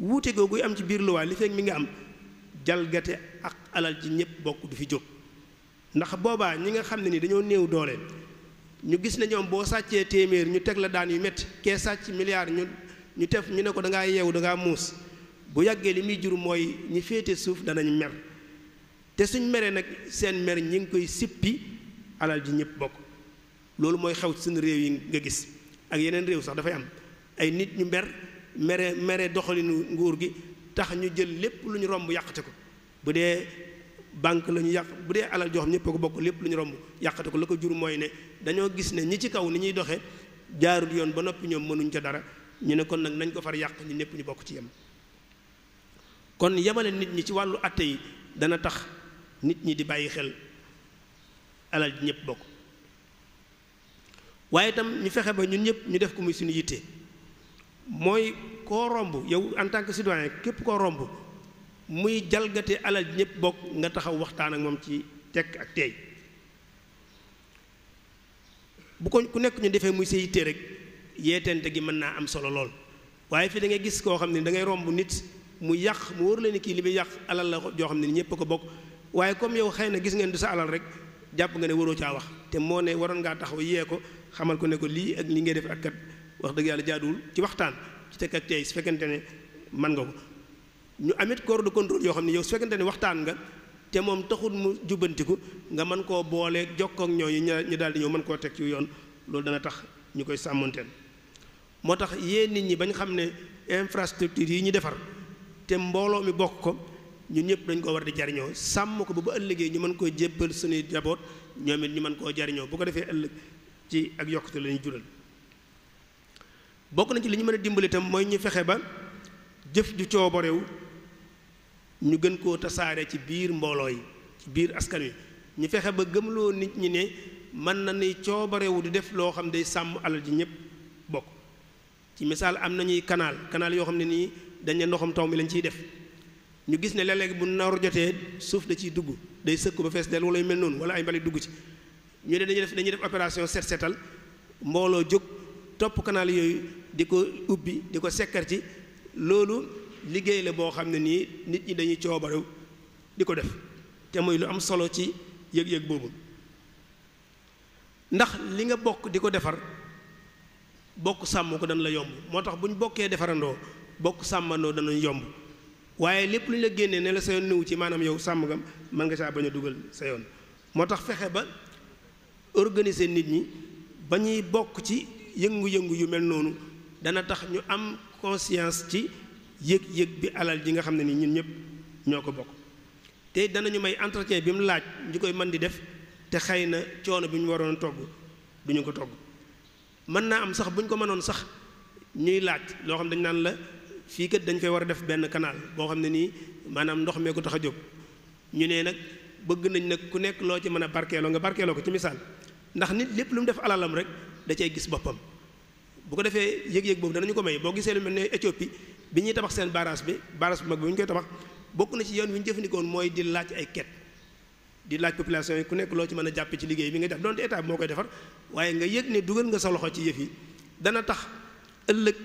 Speaker 1: wuute googu am ci biir loi li fekk mi nga am jalgate ak alal ji ñëpp bokk du fi jóg ndax boobaa ñi nga xam ne ni dañoo néew doole ñu gis ne ñoom boo sàccee téeméer ñu teg la daan yu métti kee sàcc milliards ñu ñu tef ñu ne ko da ngaa yeewu da ngaa muus bu yàggee li muy jur mooy ñi féete suuf danañ mer te suñ meree nag seen mer ñi ngi koy sippi alal ji ñëpp bokk loolu mooy xew suñu réew yi nga gis ak yeneen réew sax dafay am ay nit ñu mer mere mere doxalinu nguur gi tax ñu jël lépp lu ñu romb yàqte ko bu dee banque la ñu yàq bu dee alal joo ñëpp ko bokk lépp lu ñu romb yàqate ko la ko jur mooy ne dañoo gis ne ñi ci kaw ni ñuy doxee jaarul yoon ba noppi ñoom mënuñ ca dara ñu ne kon nag nañ ko far yàq ñu ñëpp ñu bokk ci yem kon yamale nit ñi ci wàllu atte yi dana tax nit ñi di bàyyi xel alal ji ñëpp bokk waaye itam ñu fexe ba ñun ñëpp ñu def ko muy suñu yitte mooy koo romb yow en tant que citoyen képp koo romb muy jalgate alal ji ñëpp bokk nga taxaw waxtaan ak moom ci tekk ak teey bu ko ku nekk ñu defee muy sa yitte rek yeetente gi mën naa am solo lool waaye fii da ngay gis koo xam ne da ngay romb nit mu yàq mu wóor la ni kii li muy yàq alal la joo xam ne ñëpp ko bokk waaye comme yow xëy na gis ngeen du sa alal rek jàpp nga ne waroo caa wax te moo ne waroon ngaa taxaw yee ko xamal ko ne ko lii ak li ngay def ak kat wax dëgg yàlla jaaduwul ci waxtaan ci teg ak tey su fekkente ne mën nga ko ñu amit corps de yoo xam ne yow su fekkente ne waxtaan nga te moom taxul mu jubbantiku nga mën koo boole jokkook ñooñu ñu daal di ñëw mën koo teg ci yoon loolu dana tax ñu koy sàmmanteel moo tax yéen nit ñi bañ xam ne infrastructure yi ñu defar te mbooloo mi bokk ko ñun ñëpp dañ koo war di jariñoo sàmm ko ba ba ëllëgee ñu mën koo jébbal suñuy jaboot ñoom it ñu mën koo jariñoo bu ko defee ëllëg ci ak yokkute la ñu jural bokk na ci li ñu mën a dimbali mooy ñu fexe ba jëf ju coobarewu ñu gën koo tasaare ci biir mbooloo yi ci biir askan wi ñu fexe ba gëmloo nit ñi ne mën na ni coobarewu di def loo xam day sàmm alal ji ñëpp bokk ci misaal am nañuy kanaal kanaal yoo xam ne nii dañ ne ndoxam taw mi lañ ciy def ñu gis ne léeg-léeg bu naru jotee suuf da ciy dugg day sëkk ba fees del wala yu mel noonu wala ay mbalit dugg ci ñu ne dañuy def dañuy def opération set setal mbooloo jóg topp canal yooyu di ko ubbi di ko sekkar ci loolu liggéey la boo xam ne nii nit ñi dañuy coobaru di ko def te muy lu am solo ci yëg-yëg boobu ndax li nga bokk di ko defar bokk sàmm ko dana la yomb moo tax bu ñu bokkee defarandoo bokk sàmmandoo danañ yomb waaye lépp lu ñu la génnee ne la sa yoon néew ci maanaam yow sàmm gam mën nga saa bañ a dugal sa yoon moo tax fexe ba organiser nit ñi ba ñuy bokk ci yëngu-yëngu yu mel noonu dana tax ñu am conscience ci yëg-yëg bi alal ji nga xam ne ni ñun ñëpp ñoo ko bokk te danañu may entretien bi mu laaj ñu koy mën di def te xëy na coono bi ñu waroon togg duñu ko togg mën naa am sax bu ñu ko mënoon sax ñuy laaj loo xam dañ naan la fii kat dañ koy war a def benn kanaan boo xam ne nii maanaam ndox mee ko tax a jóg ñu ne nag bëgg nañ nag ku nekk loo ci mën a barkeeloo nga barkeeloo ko ci misaal ndax nit lépp lu mu def alalam rek da cay gis boppam bu ko defee yëg-yëg boobu danañu ko may boo gisee lu mel ne Éthiopie bi ñuy tabax seen barrage bi barrage bu mag bi bu ñu koy tabax bokk na ci yoon wi ñu jëfandikoon mooy di laaj ay ket di laaj population yi ku nekk loo ci mën a jàppe ci liggéey bi nga def donte état bi koy defar waaye nga yëg ne dugal nga sa ci yëf yi dana tax ëllëg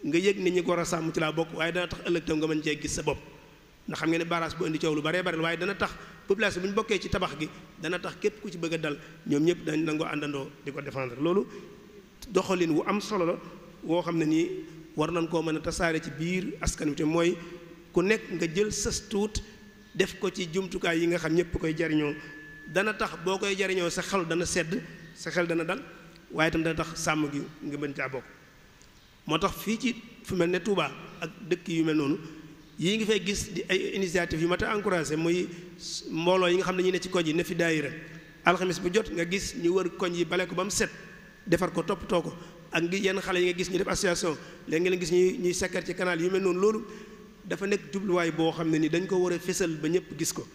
Speaker 1: nga yëg ne ñi ko war a sàmm ci laa bokk waaye dana tax ëllëg tam nga mën cee gis sa bopp ndax xam nga ne barrage bu indi coow lu baree bari waaye dana tax population bu ñu bokkee ci tabax gi dana tax képp ku ci bëgg a dal ñoom ñëpp dañ nangoo àndandoo di ko défendre loolu doxalin wu am solo la woo xam ne nii war nañ koo mën a tasaare ci biir askan wi mooy ku nekk nga jël sës tuut def ko ci jumtukaay yi nga xam ñëpp koy jariñoo dana tax boo koy jariñoo sa xel dana sedd sa xel dana dal waaye itam dana tax sàmm gi nga mën caa bokk moo tax fii ci fu mel ne Touba ak dëkk yu mel noonu yii ngi fay gis di ay initiative yu mat a encouragé muy mbooloo yi nga xam ne ñu ne ci koñ yi ne fi daayira alxames bu jot nga gis ñu war koñ yi bale ko ba mu set defar ko toppatoo ko ak ngi yenn xale yi nga gis ñu def association léegi nga leen gis ñuy ñuy sekkar ci canal yu mel noonu loolu dafa nekk jubluwaay boo xam ne ni dañ ko war a fésal ba ñëpp gis ko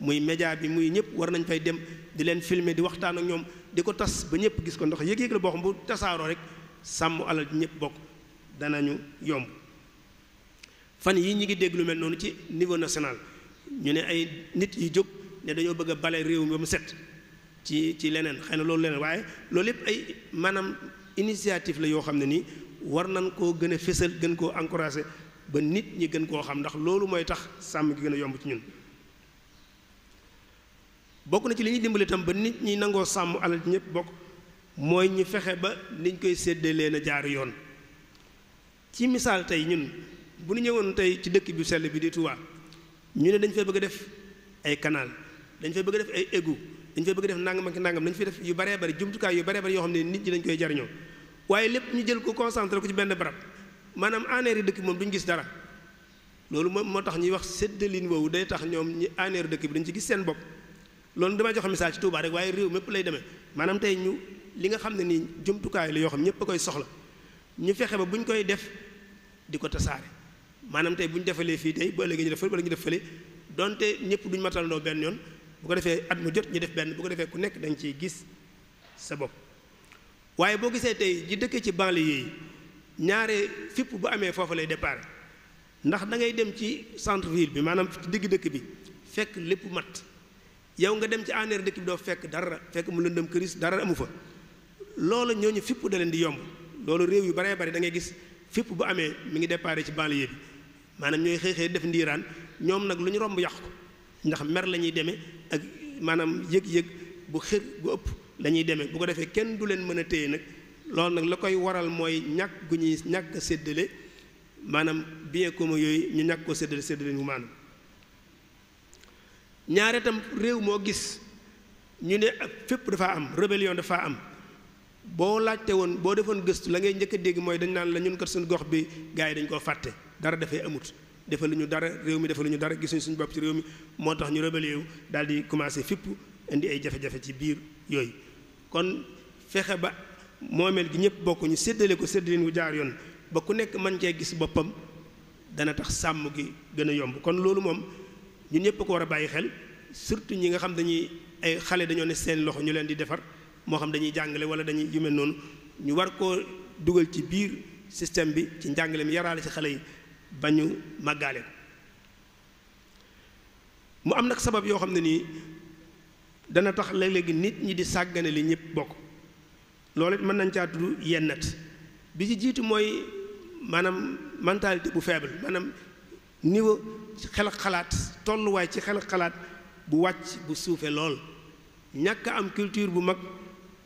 Speaker 1: muy média bi muy ñëpp war nañ fay dem di leen filmer di waxtaan ak ñoom di ko tas ba ñëpp gis ko ndax yëg-yëg la tasaaroo rek sàmm alal ñëpp bokk danañu yomb fan yi ñu ngi dégg lu mel noonu ci niveau national ñu ne ay nit yu jóg ne dañoo bëgg a bale réew mi ba mu set ci ci leneen xëy na loolu leneen waaye loolu yëpp ay maanaam initiative la yoo xam ne nii war nañ koo gën a fésal gën koo encourager ba nit ñi gën koo xam ndax loolu mooy tax sàmm gi gën a yomb ci ñun bokk na ci li ñuy dimbali itam ba nit ñi nangoo sàmm alal ñëpp bokk mooy ñu fexe ba niñ koy séddee leen a jaar yoon ci misaal tey ñun bu ñu ñëwoon tey ci dëkk bi sell bi di Touba ñu ne dañ fee bëgg a def ay kanaan dañ fay bëgg a def ay égout dañ fay bëgg a def nangam ak nangam dañ fay def yu baree bari jumtukaay yu baree bari yoo xam ne nit ñi dañ koy jariñoo waaye lépp ñu jël ko concentré ko ci benn barab maanaam aneer dëkk moom duñu gis dara loolu moom moo tax ñuy wax séddalin woowu day tax ñoom ñi aneeru dëkk bi dañu ci gis seen bopp loolu damay joxe misaal ci Touba rek waaye réew mépp lay demee maanaam tey ñu li nga xam ne nii jumtukaay la yoo xam ñëpp a koy soxla ñu fexe ba bu ñu koy def di ko tasaare maanaam tey bu ñu defalee fii tey bu ëllëgee ñu def fële wala ñu def fële donte ñëpp duñ matalandoo benn yoon bu ko defee at mu jot ñu def benn bu ko defee ku nekk dañ ciy gis sa bopp waaye boo gisee tey ji dëkkee ci banlieue yi ñaare fipp bu amee foofu lay départ ndax da ngay dem ci centre ville bi maanaam ci digg dëkk bi fekk lépp matt yow nga dem ci aneer dëkk bi doo fekk dara fekk mu lëndëm këris dara amu fa loolu ñooñu fipp da leen di yomb loolu réew bari da ngay gis fépp bu amee mi ngi déparé ci banlieue bi maanaam ñooy xëy xëy def ndiiraan ñoom nag lu ñu romb yàq ko ndax mer la ñuy demee ak maanaam yëg-yëg bu xër bu ëpp la ñuy demee bu ko defee kenn du leen mën a téye nag loolu nag la koy waral mooy ñàkk gu ñuy ñàkk séddale maanaam bien comme yooyu ñu ñàkk koo séddale séddale ñu maanaam ñaare tam réew moo gis ñu ne fépp dafaa am rébellion dafaa am boo laajtee woon boo defoon gëstu la ngay njëkk dégg mooy dañ naan la ñun kat suñu gox bi gars yi dañ koo fàtte dara dafay amut defalu ñu dara réew mi defalu ñu dara gisuñ suñu bopp ci réew mi moo tax ñu rébellé wu daal di commencé fipp indi ay jafe-jafe ci biir yooyu kon fexe ba moomeel gi ñëpp bokk ñu séddale ko séddalin wu jaar yoon ba ku nekk man cee gis boppam dana tax sàmm gi gën a yomb kon loolu moom ñun ñëpp ko war a bàyyi xel surtout ñi nga xam dañuy ay xale dañoo ne seen loxo ñu leen di defar moo xam dañuy jàngale wala dañuy yu noonu ñu war koo dugal ci biir système bi ci njàngale mi yaraale ci xale yi ba ñu màggaale mu am nag sabab yoo xam ne nii dana tax la léegi nit ñi di sàggane li ñëpp bokk loolu it mën nañ caa tudd yennat bi ci jiitu mooy maanaam mentalité bu faible maanaam niveau xel xalaat tolluwaay ci xel xalaat bu wàcc bu suufee lool ñàkk am culture bu mag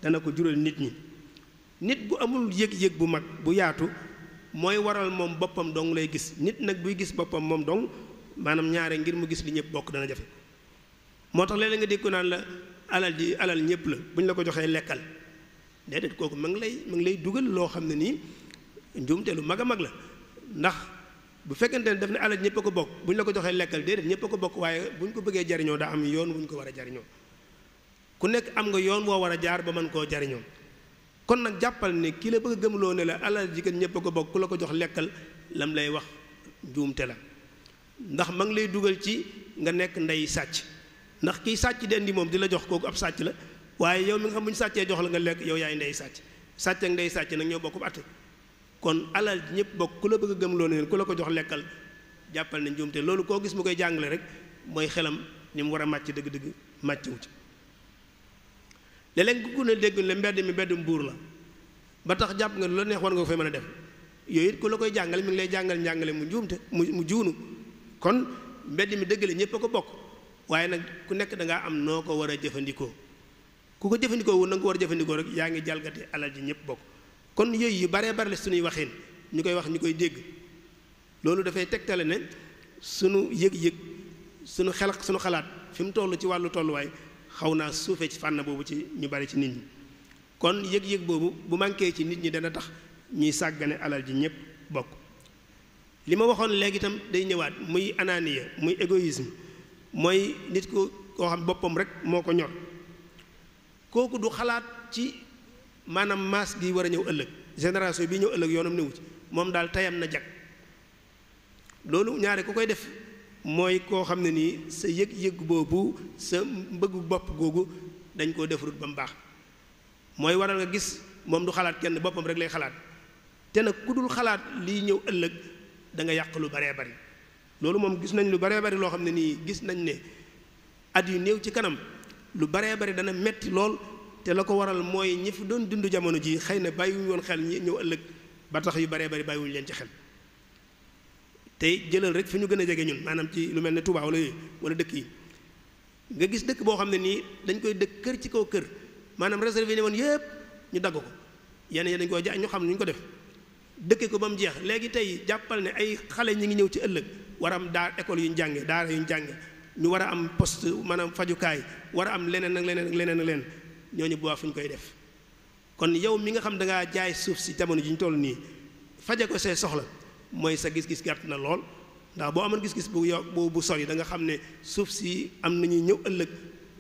Speaker 1: dana ko jural nit ñi nit bu amul yëg-yëg bu mag bu yaatu mooy waral moom boppam dong lay gis nit nag buy gis boppam moom dong maanaam ñaare ngir mu gis li ñëpp bokk dana jafe moo tax léeg-léeg nga dégg ko naan la alal ji alal ñëpp la bu ñu la ko joxee lekkal déedéet kooku ma lay ma ngi lay dugal loo xam ne nii njuumte lu mag a mag la ndax bu fekkente ne daf ne alal ñëpp a ko bokk la ko joxee lekkal déedéet ñëpp a ko bokk waaye bu ñu ko bëggee jariñoo daa am yoon wu ñu ko war a jariñoo ku nekk am nga yoon woo war a jaar ba man koo jariñoo kon nag jàppal ne ki la bëgg a gëmloo ne la alal jigéen ñépp a ko bokk ku la ko jox lekkal lam lay wax njuumte la ndax ma lay dugal ci nga nekk ndey sàcc ndax kiy sàcc di indi moom di la jox kooku ab sàcc la waaye yow mi nga xam bu sàccee jox la nga lekk yow yaay ndey sàcc sàcc ak ndey nag ñoo bokk at kon alal ñëpp bokk ku la bëgg a gëmloo ku la ko jox lekkal jàppal ne njuumte loolu koo gis mu koy jàngale rek mooy xelam ni mu war a màcc dëgg-dëgg màcc léeg-léeg ku ne dégg ne mbedd mi mbeddum buur la ba tax jàpp nga lu la neex war nga ko fay mën a def yooyu it ku la koy jàngale mi ngi lay jàngal njàngale mu juumte mu mu juunu kon mbedd mi dëgg la ñëpp a ko bokk waaye nag ku nekk da ngaa am noo ko war a jëfandikoo ku ko jëfandikoo woon nag nga war a jëfandikoo rek yaa ngi jalgati alal ji ñëpp bokk kon yooyu yu baree bari la suñuy waxin ñu koy wax ñu koy dégg loolu dafay tegtale ne sunu yëg-yëg sunu xel sunu xalaat fi mu toll ci wàllu tolluwaay xaw naa suufee ci fànn boobu ci ñu bari ci nit ñi kon yëg-yëg boobu bu manqué ci nit ñi dana tax ñuy sàggane alal ji ñépp bokk li ma waxoon léegi itam day ñëwaat muy ananiya muy égoïsme mooy nit ko koo xam boppam rek moo ko ñor kooku du xalaat ci maanaam maas gi war a ñëw ëllëg génération bi ñëw ëllëg yoonam newu ci moom daal tayam na jag loolu ñaare ku koy def mooy koo xam ne nii sa yëg-yëg boobu sa mbëggu bopp googu dañ koo defarut ba mu baax mooy waral nga gis moom du xalaat kenn boppam rek lay xalaat te nag ku dul xalaat liy ñëw ëllëg danga yàq lu baree bari loolu moom gis nañ lu baree bari loo xam ne nii gis nañ ne at yu néew ci kanam lu baree bari dana metti lool te la ko waral mooy ñi doon dund jamono ji xëy na bàyyiwuñu woon xel ñi ñëw ëllëg ba tax yu baree bari bàyyiwuñu leen ci xel tey jëlal rek fi ñu gën a jege ñun maanaam ci lu mel ni Touba wala yooyu wala dëkk yi nga gis dëkk boo xam ne nii dañ koy dëkk kër ci kaw kër maanaam réservé ne woon yëpp ñu dagg ko yenn yi dañ koo jaay ñu xam ñu ko def dëkke ko ba mu jeex léegi tey jàppal ne ay xale ñi ngi ñëw ci ëllëg war a am daa école yu ñu jànge daara yu ñu ñu war a am poste maanaam fajukaay war a am leneen ak leneen ak leneen ak leneen ñooñu boobaa fu ñu koy def kon yow mi nga xam dangaa jaay suuf si jamono ji ñu toll nii faje ko see soxla mooy sa gis-gis gàtt na lool ndax boo amoon gis-gis bu yo bu bu sori yi danga xam ne suuf si am ñuy ñëw ëllëg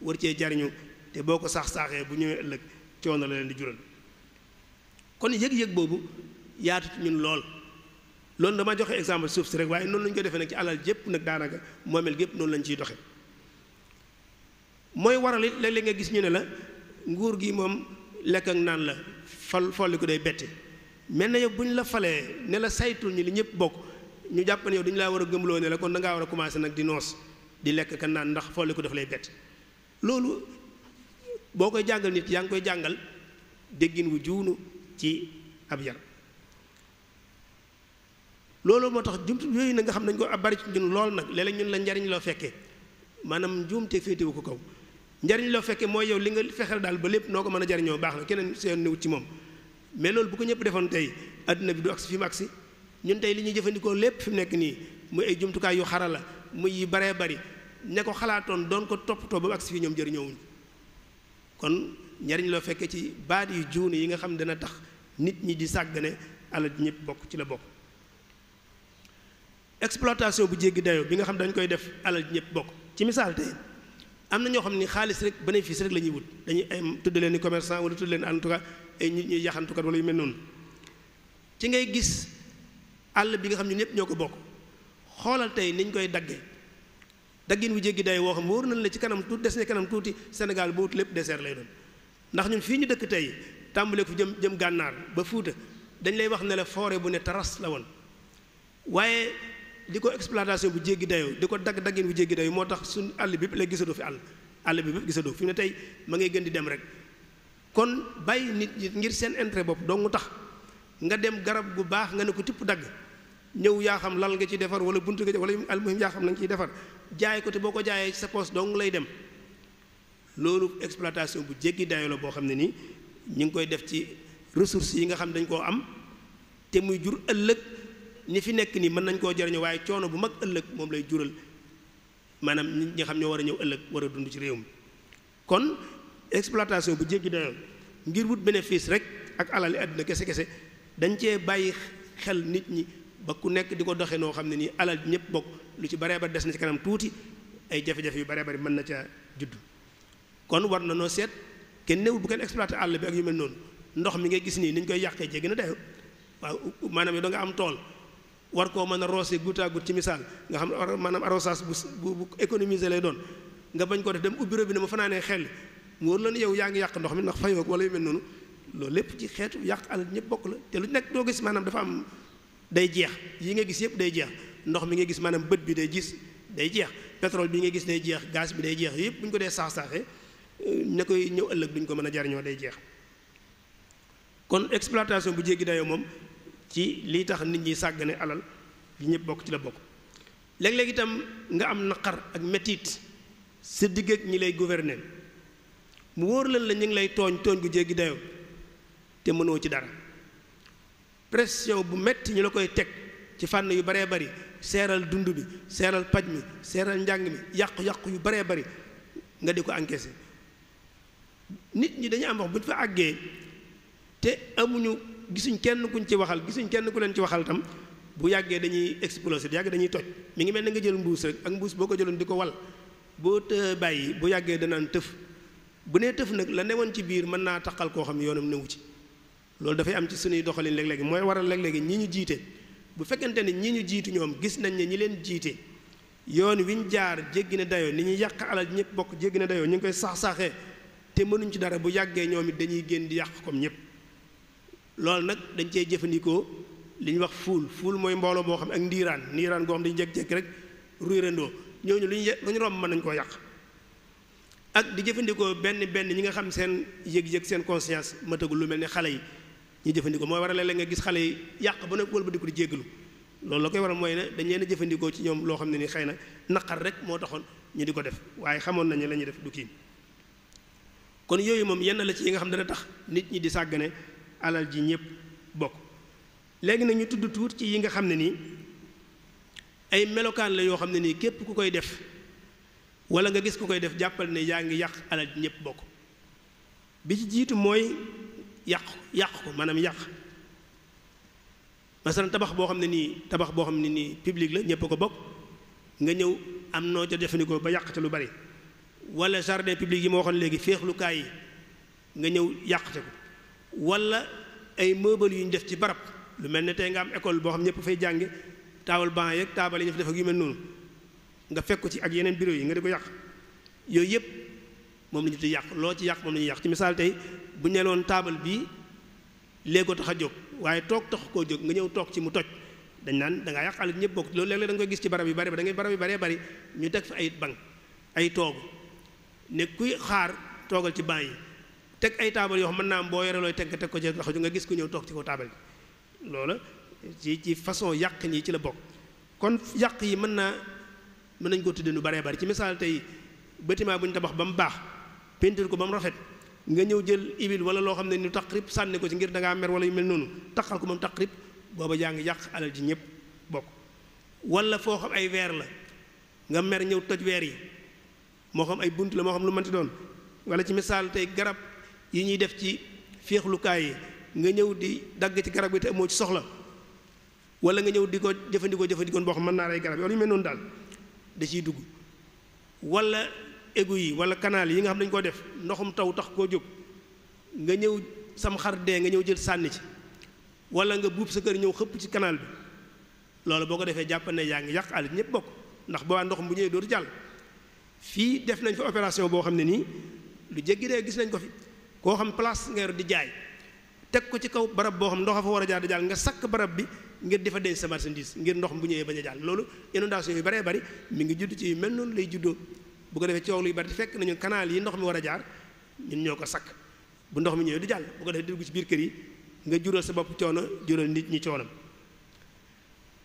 Speaker 1: war cee jariñu te boo ko saax-saaxee bu ñëwee ëllëg coono la leen di jural kon yëg-yëg boobu yaatu ci ñun lool loolu dama joxe exemple suuf si rek waaye noonu lañu ko defee nag ci alal jépp nag daanaka moomeel gépp noonu lañ ciy doxe mooy waral it léeg nga gis ñu ne la nguur gi moom lekk ak naan la fal folli ko day bette mel na yow bu ñu la falee ne la saytul ñi li ñëpp bokk ñu jàpp ne yow dañu laa war a gëmloo ne la kon da ngaa war a commencé nag di noos di lekk kan naan ndax foole ko daf lay bett loolu boo koy jàngal nit yaa ngi koy jàngal déggin wu juunu ci ab yar loolu moo tax jumtu yooyu na nga xam nañ ko bari ci ñun lool nag léeg-léeg ñun la njariñ loo fekkee maanaam njuumte féetewu ko kaw njariñ loo fekke mooy yow li nga fexeel daal ba lépp noo ko mën a jariñoo baax na keneen seen newut ci moom mais loolu bu ko ñëpp defoon tey adduna bi du agsi fi mu agsi ñun tey li ñuy jëfandikoo lépp fi mu nekk nii muy ay jumtukaay yu xarala muy yi baree bari ña ko xalaatoon doon ko toppatoo ba mu agsi fii ñoom jëriñoowuñ kon njariñ loo fekkee ci baat yu juune yi nga xam dana tax nit ñi di sàggane alal ji ñëpp bokk ci la bokk exploitation bu jéggi dayo bi nga xam dañ koy def alal ji ñëpp bokk ci misaal tey am na ñoo xam ni xaalis rek bénéfice rek la ñuy wut dañuy ay tudd leen ni commerçant wala tudd leen en ay nit ñuy yaxantukat wala yu mel noonu ci ngay gis àll bi nga xam ne ñëpp ñoo ko bokk xoolal tey niñ koy dagge daggin wu jéggi day woo xam wóor nañ la ci kanam tuuti des ne tuuti Sénégal boo lépp désert lay ndax ñun fii ñu dëkk tey tàmbalee ko jëm jëm gànnaar ba fuuta dañ lay wax ne la forêt bu taras la woon waaye di ko exploitation bu jéggi dayoo di ko dagg daggin bu jéggi dayoo moo tax suñ àll bi lay gisadoo fi àll àll bi bépp gisadoo fi mu ne tey ma ngay gën di dem rek kon bàyyi nit ngir seen intérêt bopp doo mu tax nga dem garab gu baax nga ne ko tipp dagg ñëw yaa xam lal nga ci defar wala bunt nga wala almuhim yaa xam na nga defar jaay ko boo ko jaayee sa dong lay dem loolu exploitation bu jéggi dayo la boo xam ne nii ñu ngi koy def ci ressources yi nga xam dañ koo am te muy jur ëllëg ñi fi nekk nii mën nañ koo jariñoo waaye coono bu mag ëllëg moom lay jural maanaam nit nga xam ñoo war a ñëw ëllëg war a dund ci réew mi exploitation bu jéggi dayoo ngir wut bénéfice rek ak alali àddina kese kese dañ cee bàyyi xel nit ñi ba ku nekk di ko doxe noo xam ne nii alal ñëpp bokk lu ci baree bari des na ci kanam tuuti ay jafe-jafe yu baree bari mën na caa judd kon war na noo seet kenn newul bu kenn exploité àll bi ak yu mel noonu ndox mi ngay gis nii ni koy yàqee jéggi na dayoo waaw maanaam yow danga am tool war koo mën a roose goutte à ci misaal nga xam maanaam arrosage bu bu économiser lay doon nga bañ ko def dem ubbi robinet ma fanaanee xel mu wóor la ne yow yaa ngi yàq ndox mi ndax fayoo wala yu mel noonu loolu lépp ci xeetu yàq alal ñëpp bokk la te lu nekk doo gis maanaam dafa am day jeex yi nga gis yëpp day jeex ndox mi nga gis maanaam bët bi day gis day jeex pétrole bi nga gis day jeex gaz bi day jeex yëpp bu ñu ko dee saax-saaxee ne euh, koy ñëw ëllëg duñ ko mën a jariñoo day jeex kon exploitation bu jéggi dayoo moom ci lii tax nit ñi sàggane alal yi ñëpp bokk ci la bokk léeg-léeg itam nga am naqar ak métit sa digg ñi lay gouverner mu wóor la ñu ngi lay tooñ tooñ gu jéggi dayoo te mënoo ci dara pression bu metti ñu la koy teg ci fànn yu baree bari seeral dund bi seeral paj mi seeral njàng mi yàqu-yàqu yu baree bari nga di ko encaisser nit ñi dañu am wax bu ñu fa àggee te amuñu gisuñ kenn kuñ ci waxal gisuñ kenn ku leen ci waxal tam bu yàggee dañuy exploser yàgg dañuy toj mu ngi mel na nga jël mbuus rek ak mbuus boo ko jëloon di ko wal boo të bàyyi bu yàggee danaan tëf bu nee tëf nag la newoon ci biir mën naa taqal koo xam yoonam newu ci loolu dafay am ci suñuy doxalin léeg-léegi mooy waral leg léegi ñi ñu jiite bu fekkente ne ñi ñu jiitu gis nañ ne ñi leen jiite yoon wi jaar jéggi na dayoo ni ñu yàq alal ñëpp bokk jéggi na dayoo ñu ngi koy sax-saxee te mënuñ ci dara bu yàggee ñoom it dañuy génn di yàq comme ñëpp loolu nag dañ cee jëfandikoo li ñu wax fuul fuul mooy mbooloo boo xam ak ndiiraan ndiiraan goo xam dañu jeg-jeg rek ruy rendoo ñooñu lu ñu lu ñu romb mën nañ koo yàq ak di jëfandikoo benn benn ñi nga xam seen yëg-yëg seen conscience matagul lu mel ni xale yi ñu jëfandikoo mooy waral léeg-léeg nga gis xale yi yàq ba ne wëlba di ko di jéggalu loolu la koy waral mooy ne dañ leen a jëfandikoo ci ñoom xam ne ni xëy na naqar rek moo taxoon ñu di ko def waaye xamoon nañu la ñuy def du kii kon yooyu moom yenn la ci yi nga xam dana tax nit ñi di sàggane alal ji ñëpp bokk léegi nag ñu tudd tuut ci yi nga xam ne nii ay melokaan la yoo xam ne nii képp ku koy def wala nga gis ku koy def jàppal ne yaa ngi yàq alal ñëpp bokk bi ci jiitu mooy yàq yàq ko maanaam yàq masalan tabax boo xam ne nii tabax boo xam ne nii public la ñëpp ko bokk nga ñëw am noo ca jëfandikoo ba yàq ca lu bari wala jardin public yi ma waxoon léegi féexlukaay yi nga ñëw yàq ca ko wala ay meubles yu ñu def ci barab lu mel ne tey nga am école boo xam ñëpp fay jànge taabal ban yeeg taabal yi ñu def ak yu mel noonu nga fekk ko ci ak yeneen bureau yi nga di ko yàq yooyu yëpp moom la ñu di yàq loo ci yàq moom la ñuy yàq ci misaal tey bu ñeloon taabal bi bii ko tax a jóg waaye toog tax koo jóg nga ñëw toog ci mu toj dañ naan da ngaa yàq àll ñëpp bokk loolu léeg da nga gis ci barab yu bari ba da yu baree bari ñu teg fi ay ay toogu ne kuy xaar toogal ci banc yi teg ay taabal yoo mën naa am looy teg teg ko ci tax nga gis ku ñëw toog ci ko taabal bi loola ci ci façon yàq ñi ci la bokk kon yàq yi mën naa mën nañ ko tudde nu baree bari ci misaal tey bâtiment bu ñu tabax ba mu baax peinture ko ba mu rafet nga ñëw jël ibil wala loo xam ne nu taqrib sànni ko ci ngir da ngaa mer wala yu noonu taqal ko moom taqrib booba yaa ngi yàq alal ji ñëpp bokk walla foo xam ay weer la nga mer ñëw toj weer yi moo xam ay bunt la moo xam lu mënti doon wala ci misaal tey garab yi ñuy def ci féexlukaay yi nga ñëw di dagg ci garab bi te amoo ci soxla wala nga ñëw di ko jëfandikoo jëfandikoo boo xam mën naa rey garab yow lu noonu daal da ciy dugg walla égu yi wala kanaal yi nga xam dañu koo def ndoxum taw tax koo jóg nga ñëw sama xar de nga ñëw jël sànni ci walla nga buub sa kër ñëw xëpp ci kanaal bi loolu boo ko defee jàpp ne yaa ngi yàq àll ñëpp bokk ndax boobaa ndoxum bu ñëwee dootu jàll fii def nañ fa opération boo xam ne nii lu jéggi dee gis nañ ko fi koo xam place nga yor di jaay teg ko ci kaw barab boo xam ndox a fa war a jaar di jàll nga sakk barab bi ngir di fa denc sa marchandise ngir ndox bu ñëwee bañ a jàll loolu inondation yu baree bari mu ngi judd ci yu mel noonu lay juddoo bu ko defee coow luy bari fekk nañu kanaal yi ndox mi war a jaar ñun ñoo ko sakk bu ndox mi ñëwee du jàll bu ko defee dugg ci biir kër yi nga jural sa bopp coono jural nit ñi coonam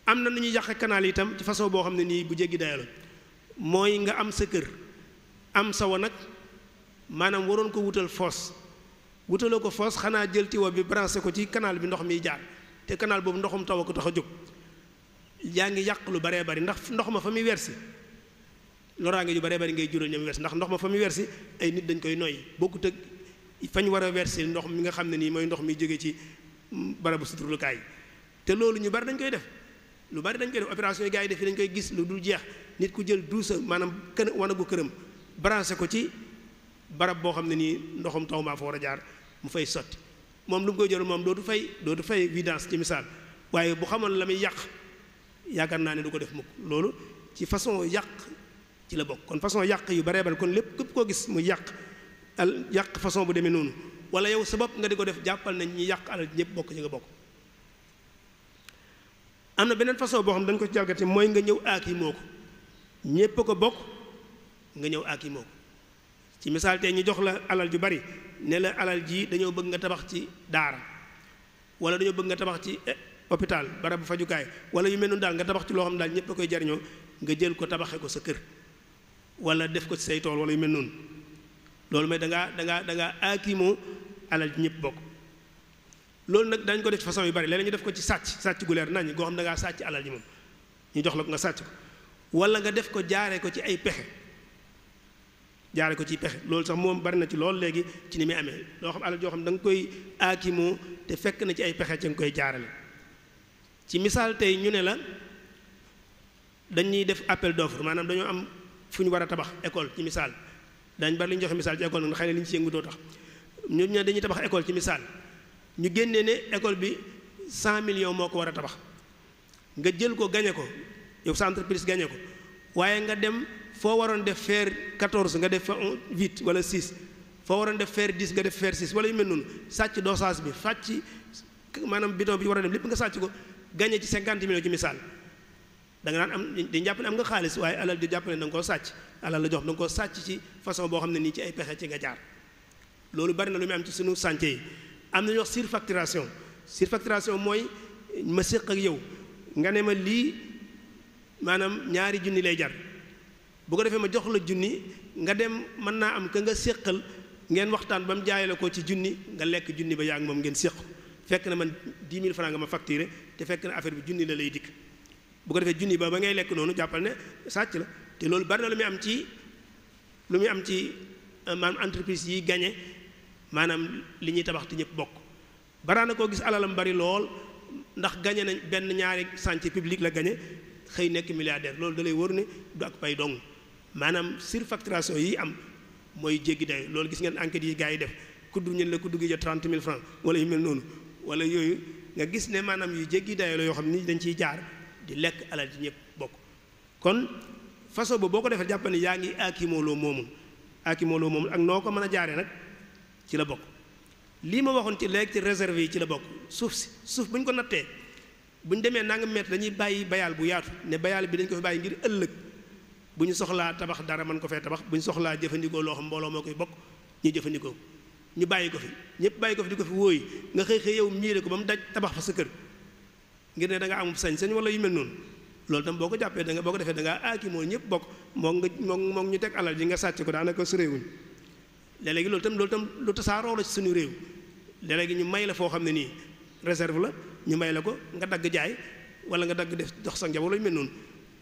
Speaker 1: am na nu ñuy yàq canal itam ci façon boo xam ne nii bu jéggi dayalo mooy nga am sa kër am sa wanag maanaam waroon ko wutal foos wutaloo ko foos xanaa jël tiwa bi branché ko ci kanaal bi ndox miy jaar te kanaal boobu ndoxum taw a ko tax a jóg yaa ngi yàq lu baree bari ndax ndox ma fa muy wersi loraange yu baree bari ngay jural ñoom wersi ndax ndox ma fa muy wersi ay nit dañ koy noy bokku ak fañ war a wersi ndox mi nga xam ne nii mooy ndox mi jóge ci barabu suturlukaay te loolu ñu bari dañ koy def lu bari dañ koy def opération yi gars yi def dañ koy gis lu dul jeex nit ku jël duusa maanaam kën wanagu këram branché ko ci barab boo xam ne nii ndoxum taw maa fa a jaar mu fay sotti moom lu mu koy jël moom dootu fay dootu fay vidange ci misaal waaye bu xamoon la muy yàq yaakaar naa ne du ko def mukk loolu ci façon yàq ci la bokk kon façon yàq yu baree bare kon lépp képp koo gis mu yàq al yàq façon bu demee noonu wala yow sa bopp nga di ko def jàppal nañ ñi yàq alal ñëpp bokk ci nga bokk am na beneen façon boo xam dañ ko ci jalgati mooy nga ñëw aak moo ko ñëpp ko bokk nga ñëw aak ci misaal tey ñu jox la alal ju bari ne la alal ji dañoo bëgg nga tabax ci daara wala dañoo bëgg nga tabax ci eh, hôpital barabu fajukaay wala yu mel noonu daal nga tabax ci loo xam ne daal ñëpp a koy jariñoo nga jël ko tabaxee ko sa kër wala def ko ci say tool mel noonu loolu may da ngaa danga ngaa da ngaa aakimoo alal ji ñëpp bokk loolu nag dañ ko def façon yu bari léeg-léeg ñu def ko ci sàcc sàcc gu leer nañ goo xam da ngaa sàcc alal ji moom ñu jox la ko nga sàcc ko wala nga def ko jaaree ko ci ay pexe jaare ko ci pexe loolu sax moom bari na ci loolu léegi ci ni muy amee loo xam alal joo xam da nga koy aakimoo te fekk na ci ay pexe ca nga koy jaarale ci misaal tey ñu ne la dañuy def appel d'offre maanaam dañoo am fu ñu war a tabax école ci misaal dañ bari li ñu joxe misaal ci école nag xëy na li ñu ci yëngu doo tax ñu ne dañuy tabax école ci misaal ñu génnee ne école bi 100 millions moo ko war a tabax nga jël ko gañe ko yow sa entreprise gañe ko waaye nga dem foo waroon def faire 14 nga def fa 8 wala 6 foo waroon def faire 10 nga def faire 6 wala yu mel noonu sàcc dosage bi fàcc maanaam bidon bi war a dem lépp nga sàcc ko gagné ci 50 millions ci misaal da nga naan am di jàpp ne am nga xaalis waaye alal di jàpp ne nga koo sàcc alal la jox da nga koo sàcc ci façon boo xam ne nii ci ay pexe ci nga jaar loolu bari na lu muy am ci sunu santé yi am na ñuy wax surfacturation surfacturation mooy ma ak yow nga ne lii maanaam ñaari junni lay jar bu ko defee ma jox la junni nga dem mën naa am ka nga séqal ngeen waxtaan ba mu jaay la ko ci junni nga lekk junni ba yaa ngi moom ngeen séq fekk na man 10 mille francs nga ma facturé te fekk na affaire bi junni la lay dikk bu ko defee junni ba ba ngay lekk noonu jàppal ne sàcc la te loolu bari na lu muy am ci lu muy am ci euh, maanaam entreprise yi gañe maanaam li ñuy tabax ti ñëpp bokk baraana koo gis alalam bari lool ndax gagné nañ benn ñaari chantier public la gagné xëy nekk milliardaire loolu da lay ne du ak pay maanaam surfacturation yi am mooy jéggi day loolu gis ngeen enquêtes yi gars yi def kudd ñun la kudd gi jot trente mille francs wala yu mel noonu wala yooyu nga gis ne maanaam yu jéggi day la yoo xam ni dañ ciy jaar di lekk alal di ñëpp bokk kon façon boobu boo ko defee jàpp ne yaa ngi aakimaloo moomu aakimaloo moomu ak noo ko mën a jaaree nag ci la bokk lii ma waxoon ci léegi ci réservé yi ci la bokk suuf si suuf bu ñu ko nattee bu ñu demee nangam dañuy bàyyi bayaal bu yaatu ne bayaal bi dañ ko bàyyi ngir ëllëg bu ñu soxlaa tabax dara mën ko fee tabax bu ñu soxlaa jëfandikoo loo xam mbooloo moo koy bokk ñu jëfandikoo ñu bàyyi ko fi ñëpp bàyyi ko fi di ko fi wóoy nga xëy xëy yow miire ko ba mu daj tabax fa sa kër ngir ne danga nga sañ-sañ wala yu mel noonu loolu tam boo ko jàppee da nga boo ko defee danga ngaa aaki ah, ñëpp bokk moo nga moo moo ñu teg alal ji nga sàcc ko daanaka su réewuñ léeg-léegi loolu tam loolu tam lu tasaaroo la ci suñu réew léeg gi ñu may la foo xam ne nii réserve la ñu may la ko nga dagg jaay wala nga dagg def dox sa njaboot la mel noonu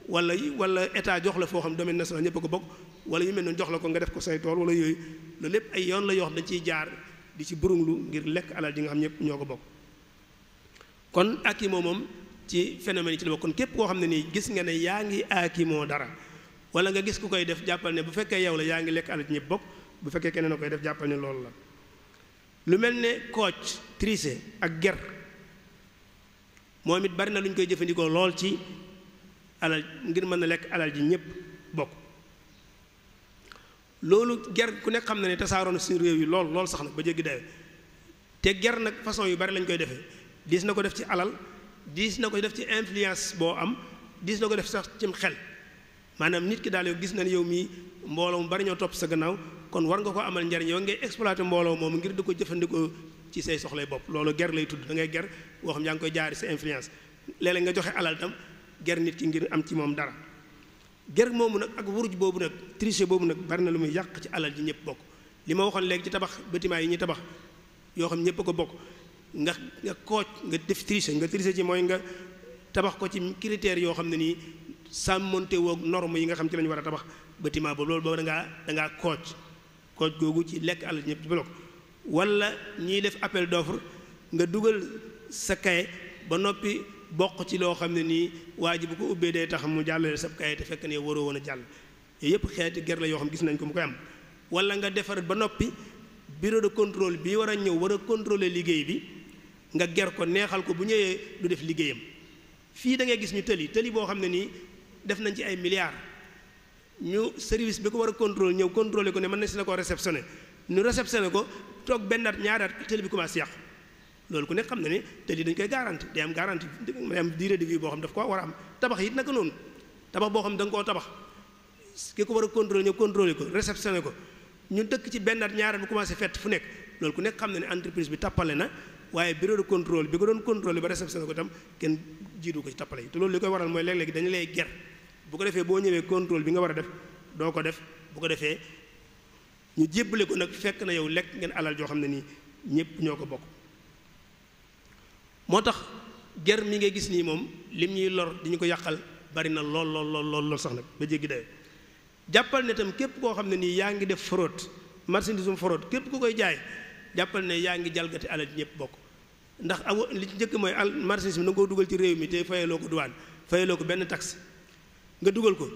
Speaker 1: wala wala état jox la foo xam domaine national ñëpp a ko bokk wala yu mel noonu jox la ko nga def ko say tool wala yooyu loolu lépp ay yoon la yoo xam dañ jaar di ci lu ngir lekk alal ji nga xam ñëpp ñoo ko bokk kon akimoo moom ci phénomène yi ci la bokk kon képp koo xam ne nii gis nga ne yaa ngi akimoo dara wala nga gis ku koy def jàppal ne bu fekkee yow la yaa ngi lekk alal ji ñëpp bokk bu fekkee keneen a koy def jàppal ne loolu la lu mel ne kooc trisé ak ger moom it bari na lu koy jëfandikoo lool ci alal ngir mën a lekk alal ji ñëpp bokk loolu ger ku nekk xam na ne tasaaroon si réew yi lool lool sax nag ba jéggi dayo te ger nag façon yu bari lañ koy defee diis na ko def ci alal diis na ko def ci influence boo am diis na ko def sax cim xel maanaam nit ki daal yow gis nañ yow mii mbooloo mu bari ñoo topp sa gannaaw kon war nga ko amal njariñ yow ngay exploité mbooloo moom ngir di ko jëfandikoo ci say soxlay bopp loolu ger lay tudd da ngay ger boo xam yaa ngi koy jaari sa influence léeg nga joxe alal tam ger nit ki ngir am ci moom dara ger moomu nag ak wuruj boobu nag triche boobu nag bari na lu muy yàq ci alal ji ñëpp bokk li ma waxoon léegi ci tabax bâtiment yi ñuy tabax yoo xam ñëpp ko bokk nga nga nga def triche nga triche ci mooy nga tabax ko ci critères yoo xam ne nii sàmmonte woog norme yi nga xam ci lañu war a tabax bâtiment boobu loolu boobu dangaa ngaa da ngaa kooj kooj googu ci lekk alal ji ñëpp ci bokk wala ñiy def appel d'offre nga dugal sa kay ba noppi bokk ci loo xam ne nii waa ji bu ko ubbee day tax mu jàllale sab kaye te fekk ne waroo woon a jàll yooyu yëpp xeeti ger la yoo xam gis nañ ko mu koy am wala nga defar ba noppi bureau de contrôle bi war a ñëw war a contrôler liggéey bi nga ger ko neexal ko bu ñëwee du def liggéeyam fii da ngay gis ñu tëli tëli boo xam ne nii def nañ ci ay milliards ñu service bi ko war a contrôle ñëw contrôler ko ne mën nañ si na ko réceptionné ñu réceptionné ko toog benn at ñaari bi commencé yàqu loolu ku nekk xam ne ni te lii dañ koy garanti day am garanti day am durée boo xam daf ko war a am tabax it naka noonu tabax boo xam ne nga koo tabax ki ko war a contrôler ñu ko réceptionné ko ñu dëkk ci benn at ñaar bu commencé fu nekk loolu ku nekk xam na ne entreprise bi tappale na waaye bureau de bi ko doon contrôler ba réceptionné ko tam kenn jiitu ko ci tappale yi te loolu li koy waral mooy léeg-léeg dañu lay ger bu ko defee boo ñëwee contrôle bi nga war a def doo ko def bu ko defee ñu jébbale ko nag fekk na yow lekk ngeen alal joo xam ne nii ñëpp ñoo ko bokk moo tax ger mi ngay gis nii moom li ñuy lor di ñu ko yàqal bari na lool lool lool lool lool sax nag ba jéggi dayo jàppal ne tam képp koo xam ne nii yaa ngi def fraude marchandisum fraude képp ku koy jaay jàppal ne yaa ngi jalgati alal ji ñëpp bokk ndax aw li njëkk mooy al marchandise bi na nga koo dugal ci réew mi te fayaloo ko duwaan fayaloo ko benn taxe nga dugal ko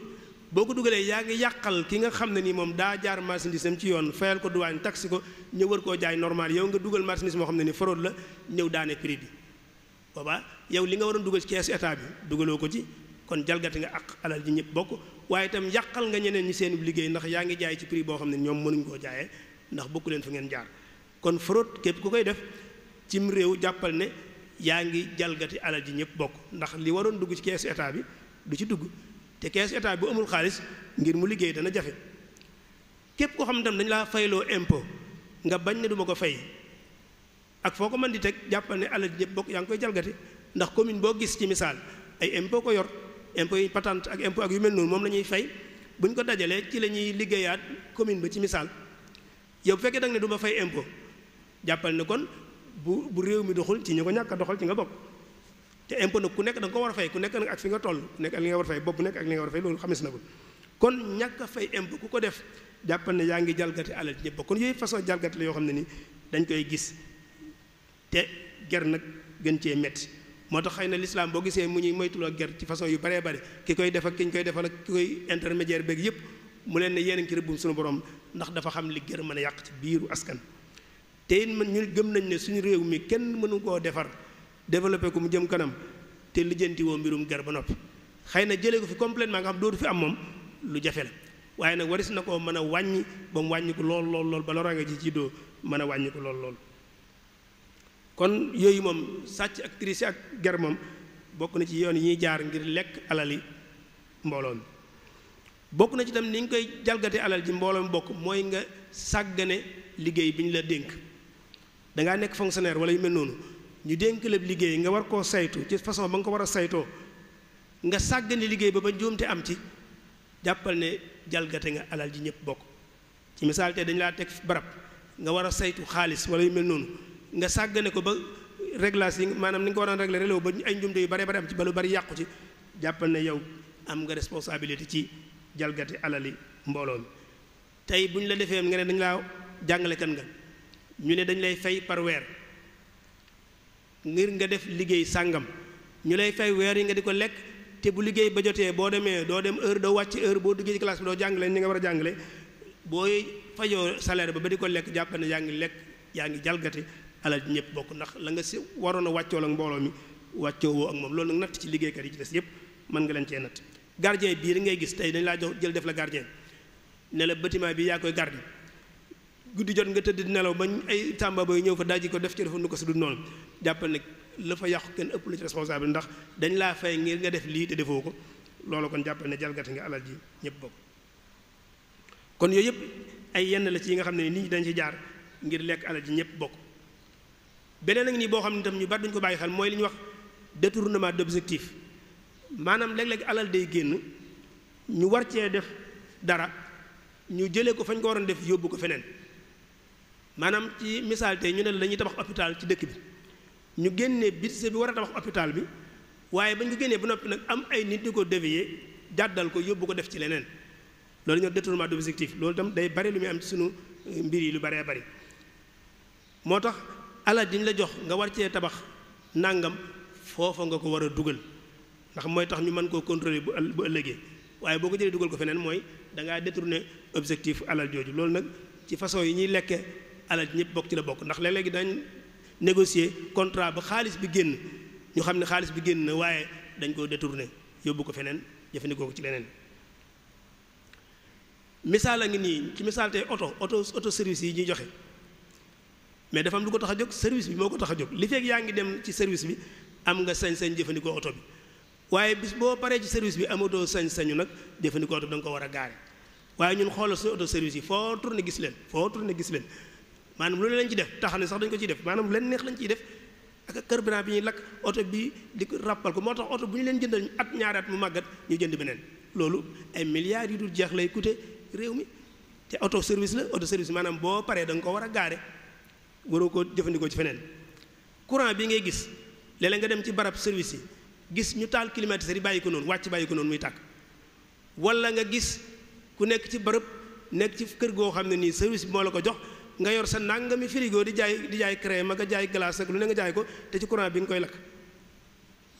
Speaker 1: boo ko dugalee yaa ngi yàqal ki nga xam ne nii moom daa jaar marchandise am ci yoon fayal ko duwaan taxe ko ñëw koo jaay normal yow nga dugal marchandise moo xam ne ni fraude la ñëw daane prix bi booba yow li nga waroon dugal ci keesu état bi dugaloo ko ci kon jalgati nga ak alal ji ñëpp bokk waaye itam yàqal nga ñeneen ñi seen liggéey ndax yaa ngi jaay ci prix boo xam ne ñoom mënuñ koo jaayee ndax bokku leen fa ngeen jaar kon fraude képp ku koy def cim réew jàppal ne yaa ngi jalgati alal ji ñëpp bokk ndax li waroon dugg ci keesu état bi du ci dugg te keesu état bu amul xaalis ngir mu liggéey dana jafe képp koo xam ne tam dañu laa fayloo impôt nga bañ ne du ko fay ak foo ko mën di teg jàppal ne alal ñëpp bokk yaa ngi koy jalgati ndax commune boo gis ci misaal ay ko yor impôt yi patente ak impôt yu mel noonu moom la ñuy fay bu ñu ko dajalee ci la ñuy liggéeyaat commune ba ci misaal yow bu fekkee ne du fay impôt jàppal ne kon bu bu réew mi doxul ci ñu ko ñàkk doxal ci nga bokk te impôt nag ku nekk da nga a fay ku nekk nag ak fi nga toll nekk ak li nga war ak li nga war a na kon ñàkk fay impôt ku ko def jàppal ne yaa ngi jalgati alal ñëpp kon yooyu façon jalgati la yoo xam ne ni dañ koy gis te ger nag gën cee métti moo tax xëy na lislaam boo gisee mu ñuy moytuloo ger ci façon yu baree bare ki koy def ak ki ñu koy defal ak ki koy intermédiaire beeg yëpp mu leen ne yéen a ngi ci rëbbum suñu borom ndax dafa xam li gër mën a yàq ci biiru askan te it man ñu gëm nañ ne suñu réew mi kenn mënu koo defar développé ko mu jëm kanam te lijjanti woo mbirum ger ba noppi xëy na jëlee ko fi complètement nga xam dootu fi am moom lu jafe la waaye nag waris na koo mën a wàññi ba mu wàññi ko lool lool lool ba loraange ji ci doo mën a wàññi ko lool lool kon yooyu moom sàcc ak ak ger bokk na ci yoon yi jaar ngir lekk alali mbooloo mi bokk na ci tam ni nga koy jalgate alal ji mbooloo mi bokk mooy nga sàggane liggéey bi ñu la dénk dangaa nekk fonctionnaire wala yu mel noonu ñu dénk la liggéey nga war koo saytu ci façon ba nga ko war a saytoo nga sàggane liggéey ba ba njuumte am ci jàppal ne jalgate nga alal ji ñëpp bokk ci misaal te dañu laa teg barab nga war a saytu xaalis wala yu mel noonu nga sàggane ko ba réglage yi maanaam ni nga ko waroon régler réglé ba ay njumte yu bare bare am ci ba lu bari yàqu ci jàppal ne yow am nga responsabilité ci jalgati alali mbooloo mi tey bu ñu la defee nga ne dañu jàngale kan nga ñu ne dañu lay fay par weer ngir nga def liggéey sàngam ñu lay fay weer yi nga di ko lekk te bu liggéey ba jotee boo demee doo dem heure doo wàcc heure boo duggee ci classe bi doo jàngale ni nga war a jàngale booy fajoo saleer ba ba di ko lekk jàppal ne yaa ngi lekk yaa ngi jalgati alal ji ñëpp bokk ndax la nga si waroon a wàccoo ak mbooloo mi wàccoo woo ak moom loolu nag natt ci liggéeykat yi ci des yëpp mën nga leen cee natt gardien bii rek ngay gis tey dañ laa jox jël def la gardien ne la bâtiment bi yaa koy garder guddi jot nga tëdd nelaw ba ay tàmba bay ñëw fa daaji ko def ci defa nu ko su dul noonu jàppal ne la fa yàqu kenn ëpp la ci responsable ndax dañ laa fay ngir nga def lii te defoo ko loolu kon jàppal ne jalgati nga alal ji ñëpp bokk yooyu yëpp ay yenn la yi nga xam ne nit dañ ci jaar ngir lekk alal ji ñëpp bokk beneen ak nii boo xam ne tam ñu bari duñ ko bàyyi xel mooy li ñuy wax détournement d'objectif maanaam léeg-léeg alal day génn ñu war cee def dara ñu jëlee ko fañ ko waroon def yóbbu ko feneen maanaam ci misaal tey ñu ne la ñuy tabax hôpital ci dëkk bi ñu génnee budget bi war a tabax hôpital bi waaye bañ ko génnee ba noppi nag am ay nit ñu ko dévier jàddal ko yóbbu ko def ci leneen loolu ñoo détournement d'objectif loolu tam day bari lu muy am ci sunu mbir yi lu baree bari tax alal diñ la jox nga war cee tabax nàngam foofa nga ko war a dugal ndax mooy tax ñu mën koo contrôler bu ëllëgee waaye boo ko jëlee dugal ko feneen mooy da ngaa détourner objectif alal jooju loolu nag ci façon yi ñuy lekkee alal ji ñëpp bokk ci la bokk ndax léeg-léegi dañ négocier contrat ba xaalis bi génn ñu xam ne xaalis bi génn na waaye dañ koo détourner yóbbu ko feneen jëfandikoo ko ci leneen misaal a ngi nii ci misaal tey oto oto oto service yi ñuy joxe mais dafa am lu ko tax a jóg service bi moo ko tax a jóg li fekk yaa ngi dem ci service bi am nga sañ-sañ jëfandikoo oto bi waaye bis boo paree ci service bi amatoo sañ-sañu nag jëfandikoo oto ko war a gaare waaye ñun xoolal suñu service yi foo tourné gis leen foo tourné gis leen maanaam loolu lañ ci def taxaw ne sax dañ ko ciy def maanaam leen neex lañ ciy def ak carburant bi ñuy lakk oto bi di ko rappal ko moo tax oto bu ñu leen jëndal at ñaari mu màggat ñu jënd beneen loolu ay milliards yu jeex lay coûter réew mi te oto service la oto service maanaam boo paree danga nga ko war a gaare waroo ko jëfandikoo ci feneen courant bi ngay gis léeg nga dem ci barab service yi gis ñu taal climatiseur yi bàyyi ko noonu wàcc bàyyi ko noonu muy tàkk wala nga gis ku nekk ci barab nekk ci kër goo xam ne nii service bi moo la ko jox nga yor sa nangami frigo di jaay di jaay crème ak jaay glace ak lu ne nga jaay ko te ci courant bi nga koy lakk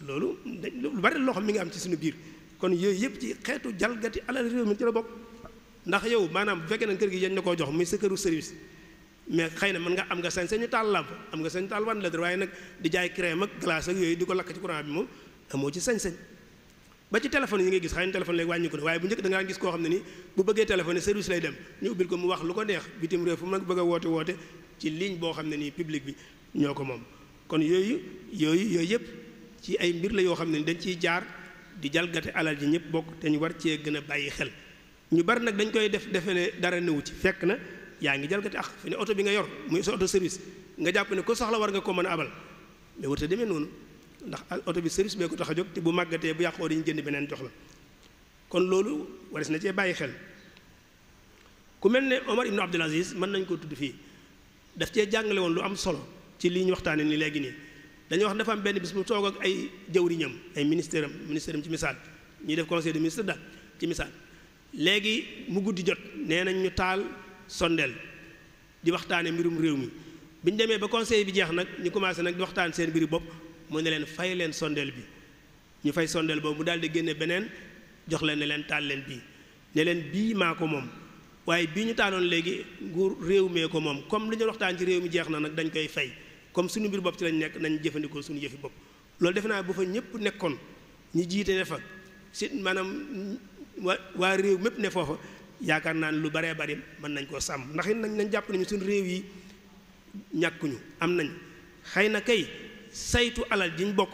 Speaker 1: loolu lu bari loo xam mi nga am ci suñu biir kon yooyu yëpp ci xeetu jalgati alal réew mi ci la bokk ndax yow maanaam bu fekkee ne kër gi yéen na koo jox muy sa këru service mais xëy na mën nga am nga sañ sañu taal làmp am nga sañ taal wan la waaye nag di jaay crème ak glace ak yooyu di ko lakk ci courant bi moom amoo ci sañ-sañ ba ci téléphone yi ngay gis xëy na téléphone léegi wàññi ko ne waaye bu njëkk da ngaa gis koo xam ne ni bu bëggee téléphone service lay dem ñu ubbil ko mu wax lu ko neex bitim réew fu mu nag bëgg a woote woote ci ligne boo xam ne nii public bi ñoo ko moom kon yooyu yooyu yooyu yëpp ci ay mbir la yoo xam ne ni dañ ciy jaar di jalgate alal ji ñëpp bokk te ñu war cee gën a bàyyi xel ñu bari nag dañ koy def defe ne dara ci fekk na yaa ngi jalgati ak fi ne oto bi nga yor muy sa oto service nga jàpp ne ko soxla war nga ko mën a abal mais warta demee noonu ndax oto bi service bee ko tax a jot te bu màggatee bu yàqoo dañu jënd beneen jox la kon loolu waris na cee bàyyi xel ku mel ne Omar ibnu Abdul mën nañ koo tudd fii daf cee jàngale woon lu am solo ci li ñu waxtaane ni léegi nii dañuy wax dafa am benn bis mu toog ak ay jawriñam ay ministère am ministère am ci misaal ñuy def conseil de ministre ci misaal léegi mu guddi jot nee nañ ñu taal sondeel di waxtaane mbirum réew mi bi ñu demee ba conseil bi jeex nag ñu commencé nag di waxtaan seen mbiri bopp mu ne leen fay leen sondeel bi ñu fay sondeel boobu mu daal di génne beneen jox leen ne leen taal leen bii ne leen bii maa ko moom waaye bii ñu taaloon léegi nguur réew mee ko moom comme li ñu waxtaan ci réew mi jeex na nag dañ koy fay comme suñu mbir bopp ci lañ nekk nañu jëfandikoo suñu yëfi bopp loolu defe naa bu fa ñëpp nekkoon ñu jiite ne si maanaam waa waa réew mépp ne foofa yaakaar naa ne lu baree bari mën nañ koo sàmm ndax it nañ jàpp nañu suñu réew yi ñàkkuñu am nañ xëy na kay saytu alal jiñ bokk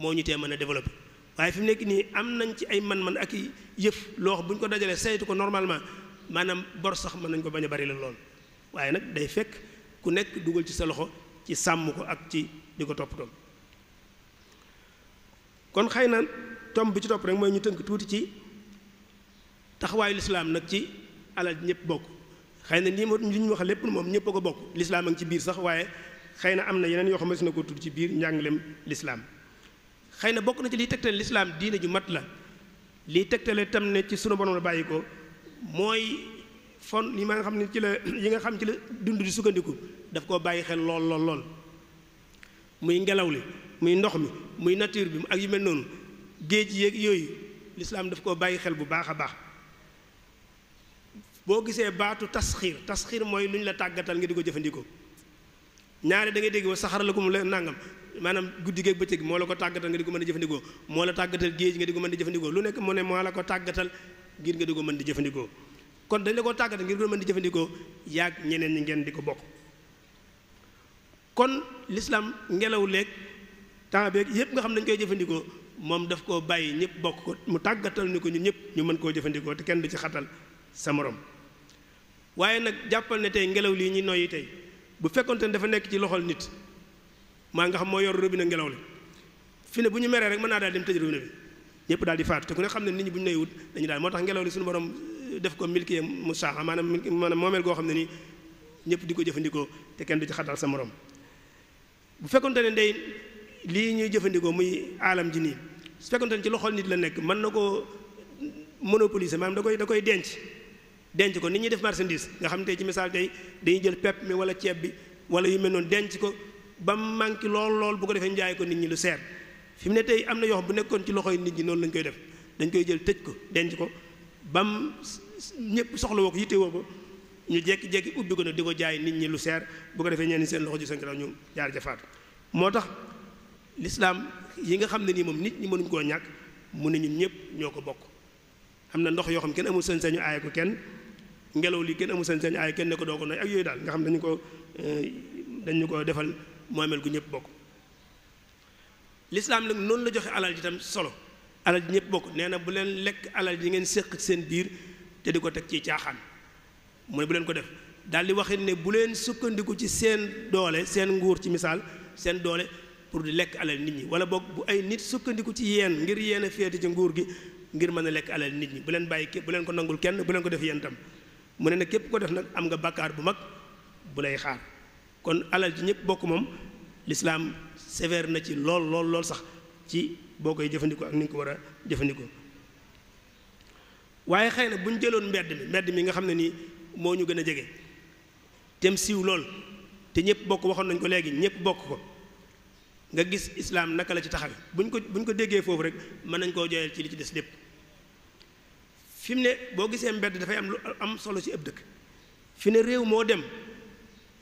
Speaker 1: moo ñu tee mën a développé waaye fi nekk nii am nañ ci ay man-man ak i yëf loo xam bu ñu ko dajalee saytu ko normalement maanaam bor sax mën nañ ko bañ a bari la lool waaye nag day fekk ku nekk dugal ci sa loxo ci sàmm ko ak ci di ko toppatoo kon xëy na tomb bi ci topp rek mooy ñu tënk tuuti ci taxawaayu lislaam nag ci alal ñëpp bokk xëy na lii li ñu wax lépp moom ñëpp a ko bokk lislaam a ngi ci biir sax waaye xëy na am na yeneen yoo xam ne su na ko tudd ci biir njàngalem lislaam xëy na bokk na ci liy tegtale lislaam diine ju mat la liy tegtale tam ne ci sunu borom la bàyyi ko mooy fon yi ma nga xam ne ci la li nga xam ci la dund di sukkandiku daf koo bàyyi xel lool lool lool muy ngelaw li muy ndox mi muy nature bi ak yu mel noonu géej yéeg yooyu lislaam daf koo bàyyi xel bu baax a baax boo gisee baatu tasxiir tasxiir mooy lu ñu la tàggatal nga di ko jëfandikoo ñaare da ngay dégg wa saxara la ko mu la nangam maanaam guddi geeg bëccëg moo la ko tàggatal nga di ko mën a jëfandikoo moo la tàggatal géej nga di ko mën di jëfandikoo lu nekk mu ne la ko tàggatal ngir nga di ko mën di jëfandikoo kon dañ la ko ngir nga mën di jëfandikoo yaag ñeneen ñi ngeen di ko bokk kon l'islam ngelaw leeg temps beeg yëpp nga xam dañ koy jëfandikoo moom daf koo bàyyi ñëpp bokk ko mu tàggatal ni ko ñu ñëpp ñu mën koo jëfandikoo te kenn du ci xatal sa morom waaye nag jàppal ne tey ngelaw lii ñuy noyyi tey bu fekkonte ne dafa nekk ci loxol nit maa nga xam moo yor robinet ngelaw li fi ne bu ñu meree rek mën naa daal dem tëj robinet bi ñëpp daal di faatu te ku ne xam ne nit ñi bu ñu noyyiwut dañu daal moo tax ngelaw li suñu borom euh, def ko milki mu saaxa maanaam milki maanaam moomeel goo xam ne nii ñëpp di ko jëfandikoo te kenn du ci xatal sa morom bu fekkonte ne day lii ñuy jëfandikoo muy aalam ji nii su fekkonte ne ci loxol nit la nekk mën na koo monopoliser maanaam da koy da koy denc denc ko nit ñuy def marchandise nga xam ne tey ci misaal dañuy jël pepp mi wala ceeb bi wala yu mel noonu denc ko ba manqué lool lool bu ko defee njaay ko nit ñi lu seer fi mu ne tey am na yoo bu nekkoon ci loxoy nit ñi noonu lañ koy def dañ koy jël tëj ko denc ko bam ñëpp soxla woo ko yitte ñu jekki-jekki ubbi ko di ko jaay nit ñi lu seer bu ko defee ñenn seen loxo ji seen kanam ñu jaar jafaatu moo tax lislaam yi nga xam ne nii moom nit ñi mënuñ koo ñàkk mu ne ñun ñëpp ñoo ko bokk am na ndox yoo xam kenn amul sañ-sañu aaye ko kenn ngelaw li kenn amul sañ-sañ ay kenn ne ko doo ko noy ak yooyu daal nga xam dañu ko eh, dañu ko defal moomeel gu ñëpp bokk lislaam nag noonu la joxe alal ji tam solo alal ji ñëpp bokk nee na bu leen lekk alal ji ngeen séq seen biir di ko teg ci caaxaan mu bu leen ko def daal di waxit ne bu leen sukkandiku ci seen doole seen nguur ci misaal seen doole pour di lekk alal nit ñi wala boog ay nit sukkandiku ci yéen ngir yéen a féete ci nguur gi ngir mën a lekk alal nit ñi bu leen bàyyi bu leen ko nangul kenn bu leen ko def yéen tam mu ne nag képp ko def nag am nga bakkaar bu mag bu lay xaar kon alal ji ñëpp bokk moom lislaam sévère na ci lool lool lool sax ci boo koy jëfandikoo ak ni nga ko war a jëfandikoo waaye xëy na bu ñu jëloon mbedd mi mbedd mi nga xam ne nii moo ñu gën a jege tem siw lool te ñëpp bokk waxoon nañ ko léegi ñëpp bokk ko nga gis islaam naka la ci taxawe buñ ko buñ ko déggee foofu rek mën nañ koo jooyal ci li ci des lépp fi mu ne boo gisee mbedd dafay am lu am solo ci ëpp dëkk fi ne réew moo dem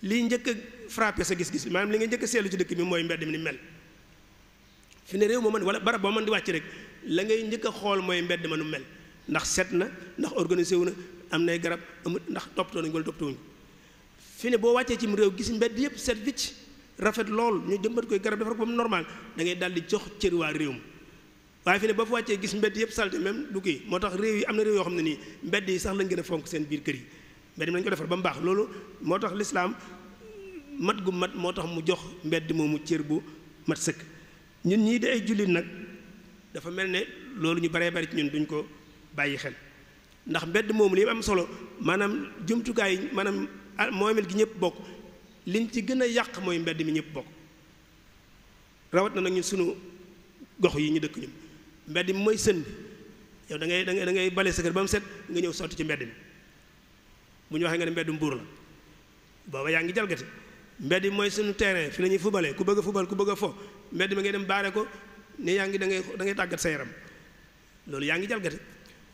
Speaker 1: li njëkk a frappé sa gis-gis maanaam li nga njëkk a seetlu ci dëkk bi mooy mbedd mi ni mel fi ne réew moo mën wala barab boo man di wàcc rek la ngay njëkk a xool mooy mbedd ma nu mel ndax set na ndax organisé wu na am nay garab amut ndax toppatoo nañu wala toppatoo wuñu fi ne boo wàccee ci réew gis mbedd yëpp set wicc rafet lool ñu jëmbat koy garab defar ko ba mu normal da ngay daal di jox cër waa réew mi waaye fi ne boo fa wàccee gis mbedd yëpp salte même du kii moo tax réew yi am na réew yoo xam ne nii mbedd yi sax lañ gën a fonk seen biir kër yi mbedd mi lañ ko defar ba mu baax loolu moo tax lislaam mat gu mat moo tax mu jox mbedd moomu cër bu mat sëkk ñii di ay jullit nag dafa mel ne loolu ñu baree bari ci ñun duñ ko bàyyi xel ndax mbedd moomu li am solo maanaam jumtukaay maanaam ah moomeel gi ñëpp bokk liñ ci gën a yàq mooy mbedd mi ñëpp bokk rawat na nag ñun sunu gox yi ñu dëkk ñun mbedd mi mooy sën bi yow da ngay da ngay da bale sa kër ba mu set nga ñëw sotti ci mbedd mi bu ñu waxee nga ne mbeddum buur la booba yaa ngi jalgati mbedd mi mooy suñu terrain fi la ñuy fubale ku bëgg a fubal ku bëgg a fo mbedd mi ngay dem baare ko yaa ngi da ngay tàggat sa yaram loolu yaa ngi jalgati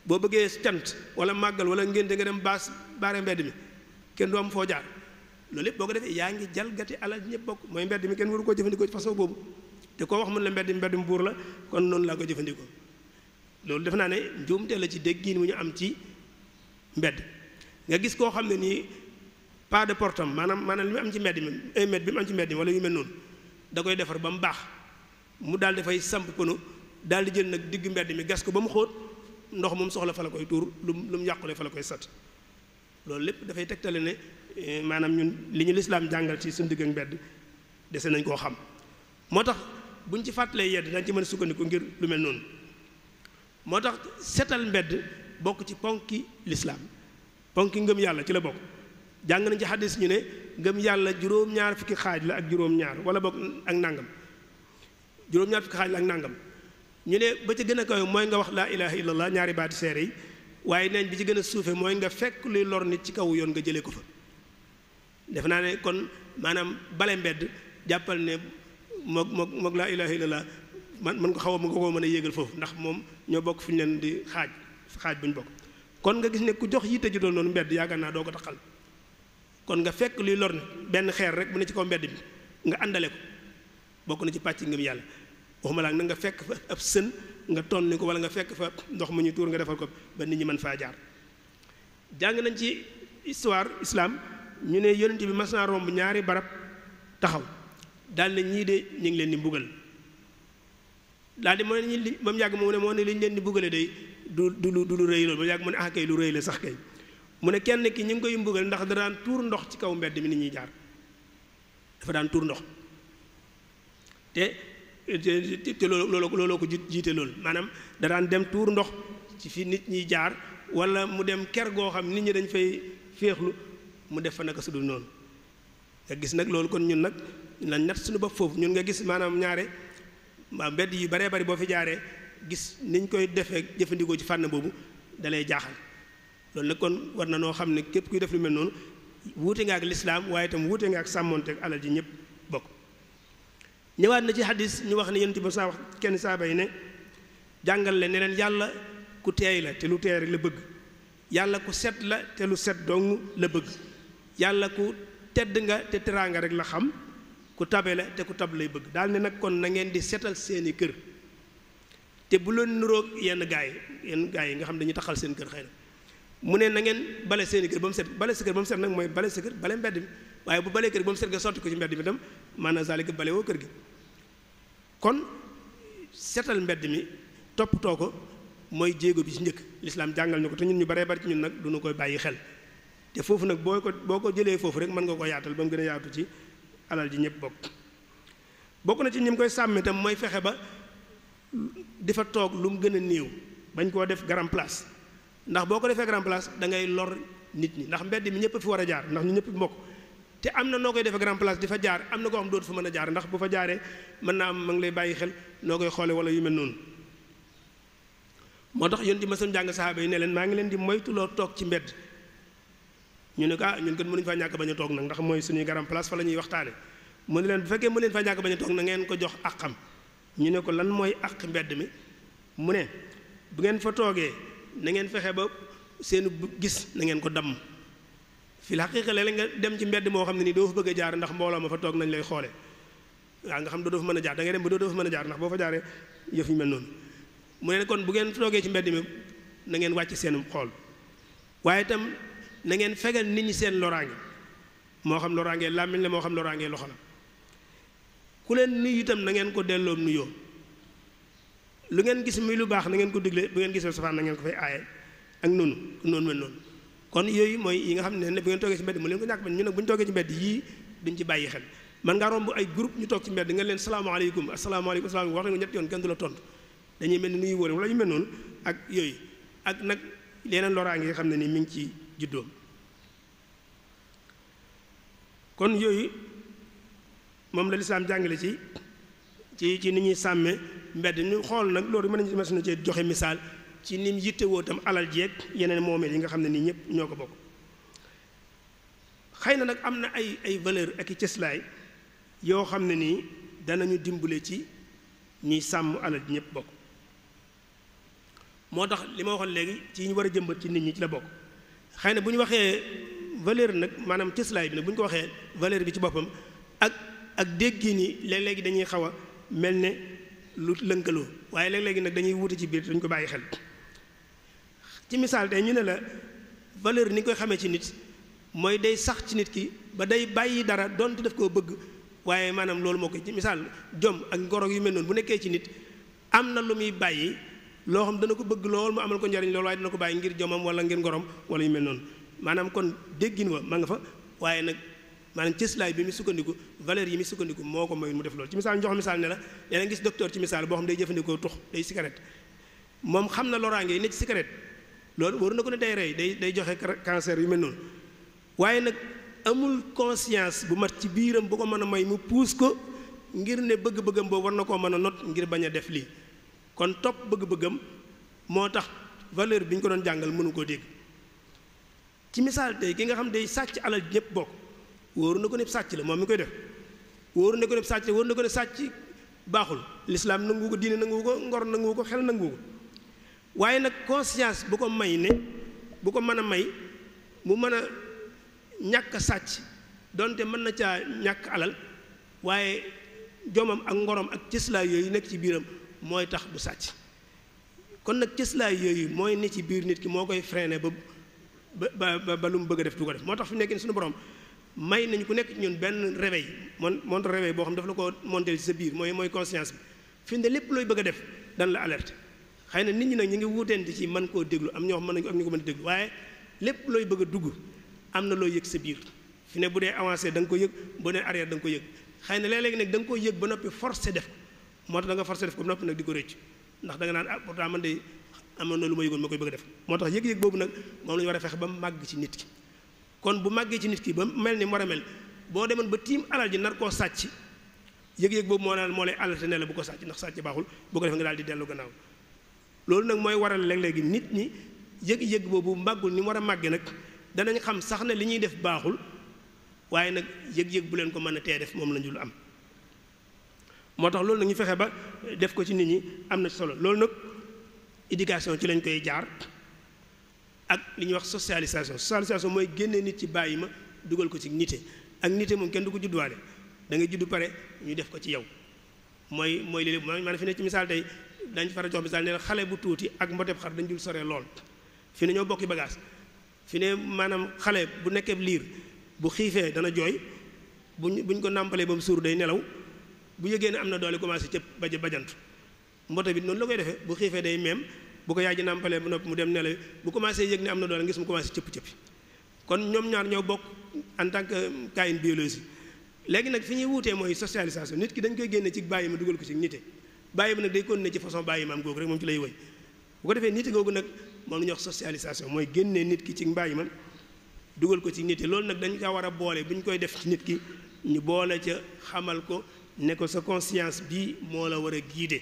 Speaker 1: boo bëggee cant wala màggal wala ngénte nga dem baas baare mbedd mi kenn du am foo jaar loolu yëpp boo ko defee yaa ngi jalgati alal ñëpp bokk mooy mbedd mi kenn waru koo jëfandikoo faso façon boobu te koo wax mun la mbedd mu buur la kon noonu laa ko jëfandikoo loolu def naa ne njuumte la ci déggin mu ñu am ci mbedd nga gis koo xam ne nii pas de portam maanaam maanaam li mu am ci mbedd mi un eh, bi mu am ci mbedd mi wala yu mel noonu da koy defar ba mu baax mu daal dafay samp pono daal di jël nag digg mbedd mi gas ko ba mu xóot ndox moom soxla fa la koy tuur lu lu mu yàqule fa la koy sat loolu lépp dafay tegtale ne eh, maanaam ñun li ñu lislaam jàngal ci suñu digg mbedd dese nañ koo xam bu buñ ci fàttalee yedd dañ ci mën a sukkandiku ngir lu mel noonu moo tax setal mbedd bokk ci ki lislaam ponk ponki ngëm yàlla ci la bokk jàng nañ ci xaddis ñu ne ngëm yàlla juróom-ñaar fukki xaaj la ak juróom-ñaar wala bokk ak nàngam juróom-ñaar fukki xaaj la ak nàngam ñu ne ba ci gën a kaw mooy nga wax laa ilaha illallah ñaari baati seere yi waaye neeñ bi ci gën a suufe mooy nga fekk luy lor nit ci kaw yoon nga jëlee ko fa def naa ne kon maanaam bale mbedd jàppal moog moog moog laa ilaha illallah man man ko xaw a ma nga koo mën a yéegal foofu ndax moom ñoo bokk fi ñu leen di xaaj xaaj bu ñu bokk kon nga gis ne ku jox yitte ju doon noonu mbedd yaakaar naa doo ko taxal kon nga fekk luy lor na benn xeer rek mu ne ci kaw mbedd bi nga àndale ko bokk na ci pàcc ngëm yàlla waxuma laa na nga fekk fa ab sën nga ton ni ko wala nga fekk fa ndox mu ñu tuur nga defal ko ba nit ñi man faa jaar jàng nañ ci histoire ñu ne yonent bi mas naa romb ñaari barab taxaw daal ne ñii de ñu ngi leen di mbugal daal di mooy ñi ba mu yàgg mu ne moo ne li ñu leen di mbugale day du du lu du loolu ba mu yàgg mu ne ah kay lu rëy la sax kay mu ne kenn ki ñu ngi koy mbugal ndax da daan tuur ndox ci kaw mbedd mi nit ñuy jaar dafa ndox te te looloo ko jiite loolu maanaam da dem tuur ndox ci fi nit ñiy jaar wala mu dem ker goo xam nit ñi dañ fay féexlu mu def fa naka su noonu nga gis nag loolu kon ñun nag lañ nat suñu bopp foofu ñun nga gis maanaam ñaare waa mbedd yi baree bari boo fi jaaree gis niñ koy defee jëfandikoo ci fànn boobu dalay jaaxal loolu nag kon war na noo xam ne képp kuy def lu mel noonu wuute nga ak lislaam waaye tam wuute nga ak sàmmonte ak alal ji ñëpp bokk ñëwaat na ci xadis ñu wax ne yonent ba saa wax kenn saaba yi ne jàngal leen ne leen yàlla ku teey la te lu teey la bëgg yàlla ku set la te lu set dong la bëgg yàlla ku tedd nga te teraanga rek la ku tabe la te ku tab lay bëgg daal ne nag kon na ngeen di seetal seeni kër te bu leen nuroog yenn gaa yi yenn gaa yi nga xam dañuy taxal seen kër xëy na mu ne na ngeen bale seeni kër ba mu set bale sa kër ba mu set nag mooy bale sa kër bale mbedd mi waaye bu balee kër ba mu set nga sotti ko ci mbedd mi tam maanaam zalika bale woo kër gi setal mbedd mi toppatoo ko mooy jéego bi ci njëkk lislaam jàngal ñu ko te ñun ñu baree ñun nag duñu koy bàyyi xel te nag boo ko boo ko jëlee foofu rek mën nga ko yaatal ba mu gën a yaatu ci alal ji ñëpp bokk bokk na ci ñi koy sàmm itam mooy fexe ba di fa toog lu mu gën a néew bañ koo def grand place ndax boo ko defee grand place da lor nit ñi ndax mbedd mi ñëpp fi war a jaar ndax ñu ñëpp mbokk te am na noo koy defee grand place di fa jaar am na koo xam dootu fa mën a jaar ndax bu fa jaaree mën naa am ma ngi lay bàyyi xel noo koy xoole wala yu mel noonu moo tax yéen di ma sam jàng saxaaba yi ne leen maa ngi leen di moytuloo toog ci mbedd ñu ne ko ah a toog nag ndax mooy suñuy garam place fa la ñuy waxtaane a ñu ne ko lan mooy àq mbedd mi mu ne bu ngeen fa toogee na ngeen fexe ba seen gis na ngeen ko damm fi la xaqiqa léeg nga dem ci mbedd moo xam ne nii doo fa bëgg jaar ndax mbooloo ma toog nañ lay xoole waaw nga xam doo fa a jaar da ngay dem ba doo mën a jaar ndax boo mel noonu mu ne kon bu ngeen toogee ci mbedd mi na ngeen wàcc seenu xool waaye itam na ngeen fegal nit ñi seen loraange moo xam loraange làmmiñ la moo xam loraange loxo la ku leen nuyu itam na ngeen ko delloom nuyoo lu ngeen gis muy lu baax na ngeen ko digle bu ngeen gisee safaan na ngeen ko fay aaye ak noonu noonu mel noonu kon yooyu mooy yi nga xam ne ne bu ngeen toogee ci mbedd mu leen ko ñàkk bañ ñu nag bu ñu toogee ci mbedd yii duñ ci bàyyi xel man ngaa romb ay groupe ñu toog ci mbedd nga leen salaamaaleykum asalaamaaleykum asalaamaaleykum wax na nga ñett yoon kenn du mel ni nuyu wóore wala ñu mel noonu ak yooyu ak nag leneen loraange nga xam ne ni mi ngi ci juddoom kon yooyu moom la lislaam jàngale ci ci ci ni ñuy sàmme mbedd ñu xool nag loolu mën nañu mas na cee joxe misaal ci nim yittewoo tam alal jeeg yeneen moomeel yi nga xam ne nii ñëpp ñoo ko bokk xëy na nag am na ay ay valeur ak i cëslaay yoo xam ne nii danañu dimbale ci ñuy sàmm alal ji ñëpp bokk moo tax li ma waxoon léegi ci ñu war a jëmbët ci nit ñi ci la bokk xëy na bu ñu waxee valeur nag maanaam cëslaay bi nag bu ñu ko waxee valeur bi ci boppam ak ak déggin yi léeg-léegi dañuy xaw a mel ne lu lënkaloo waaye léeg-léegi nag dañuy wuute ci biir duñ ko bàyyi xel ci misaal tey ñu ne la valeur ni nga koy xamee ci nit mooy day sax ci nit ki ba day bàyyi dara donte daf koo bëgg waaye maanaam loolu moo koy ci misaal jom ak ngoro yu mel noonu bu nekkee ci nit am na lu muy bàyyi loo xam dana ko bëgg lool mu amal ko njariñ lool waaye dana ko bàyyi ngir jomam wala ngir ngorom wala yu mel noonu maanaam kon déggin wa ma nga fa waaye nag maanaam cëslaay bi muy sukkandiku valeur yi mu sukkandiku moo ko may mu def loolu ci misaal jox misaal ne la yaa ngi gis docteur ci misaal boo xam day jëfandikoo tux day cigarette moom xam na loraange yi ne ci loolu war na ko ne day rey day day joxe cancer yu mel noonu waaye nag amul conscience bu mat ci biiram bu ko mën a may mu puus ko ngir ne bëgg-bëggam boobu war na koo mën a not ngir bañ a def lii kon topp bëgg-bëggam moo tax valeur bi ñu ko doon jàngal mënu koo dégg ci misaal tey ki nga xam day sàcc alal ñëpp bokk wóoru na ko ne sàcc la moom mu koy def wóoru na ko ne sàcc la wóoru na ko ne sàcc baaxul lislaam nangu ko diine nangu ko ngor nangu ko xel nangu ko waaye nag conscience bu ko may ne bu ko mën a may mu mën a ñàkk sàcc donte mën na caa ñàkk alal waaye jomam ak ngorom ak cëslaa yooyu nekk ci biiram mooy tax du sàcc kon nag cëslaay yooyu mooy nit ci biir nit ki moo koy freiné ba ba ba ba lu mu bëgg def du ko def moo tax fi nekk suñu borom may nañu ku nekk ñun benn réveil mon montre réveil boo xam daf la ko monté ci sa biir mooy mooy conscience bi fi ne lépp looy bëgg a def dan la alerte xëy na nit ñi nag ñu ngi wuuteenti ci mën koo déglu am ñoo mën nañu am ñu ko mën a déglu waaye lépp looy bëgg a dugg am na looy yëg sa biir fi ne bu dee avancé da nga ko yëg bu dee arrière da ko yëg xëy na léeg-léeg nag da nga ko yëg ba noppi forcé def moo tax da nga forcé def ko noppi nag di ko rëcc ndax da nga naan ah pourtant man de amoon na lu ma yëgoon ma koy bëgg def moo tax yëg-yëg boobu nag moom la ñu a fexe ba mu màgg ci nit ki kon bu màggee ci nit ki ba mel ni mu war a mel boo demoon ba tiim alal ji koo sàcc yëg-yëg moo naan moo lay alal la bu ko sàcc ndax sàcc baaxul bu ko defee nga daal di dellu gannaaw loolu nag mooy waral léeg-léegi nit ñi yëg-yëg boobu màggul ni war a màggee nag danañ xam sax ne li ñuy def baaxul waaye nag yëg-yëg bu leen ko mën a tee def moom la ñu lu am moo tax loolu nag ñu fexe ba def ko ci nit ñi am na solo loolu nag éducation ci lañ koy jaar ak li ñuy wax socialisation socialisation mooy génne nit ci bàyyi ma dugal ko ci nite ak nite moom kenn du ko judduwaale da ngay juddu pare ñu def ko ci yow mooy mooy léeg-léeg maanaam fi ne ci misaal tey dañ fara jox misaal ne xale bu tuuti ak mboteb xar dañ dul sore lool fi ne ñoo bokki bagage fi ne maanaam xale bu nekkee liir bu xiifee dana jooy buñ buñ ko nàmpalee ba suur day nelaw bu yëgee ne am na doole commencé cëpp baja bajantu mbote bi noonu la koy defee bu xiifee day meem bu ko yaay ji nàmpalee ba noppi mu dem nelaw bu commencé yëg ne am na doole ngis mu commencé cëpp-cëppi kon ñoom ñaar ñoo bokk en tant que kayin biologie léegi nag fi ñuy wuutee mooy socialisation nit ki dañ koy génne ci bàyyi ma dugal ko ci nite bàyyi ma nag day continuer ci façon bàyyi am googu rek moom ci lay woy bu ko defee nag moom la ñuy wax mooy génnee nit ki ci bàyyi ma dugal ko ci nite loolu nag dañ ko war a boole bu ñu koy def ci nit ki ñu boole ca xamal ko ne ko sa conscience bi moo la war a guider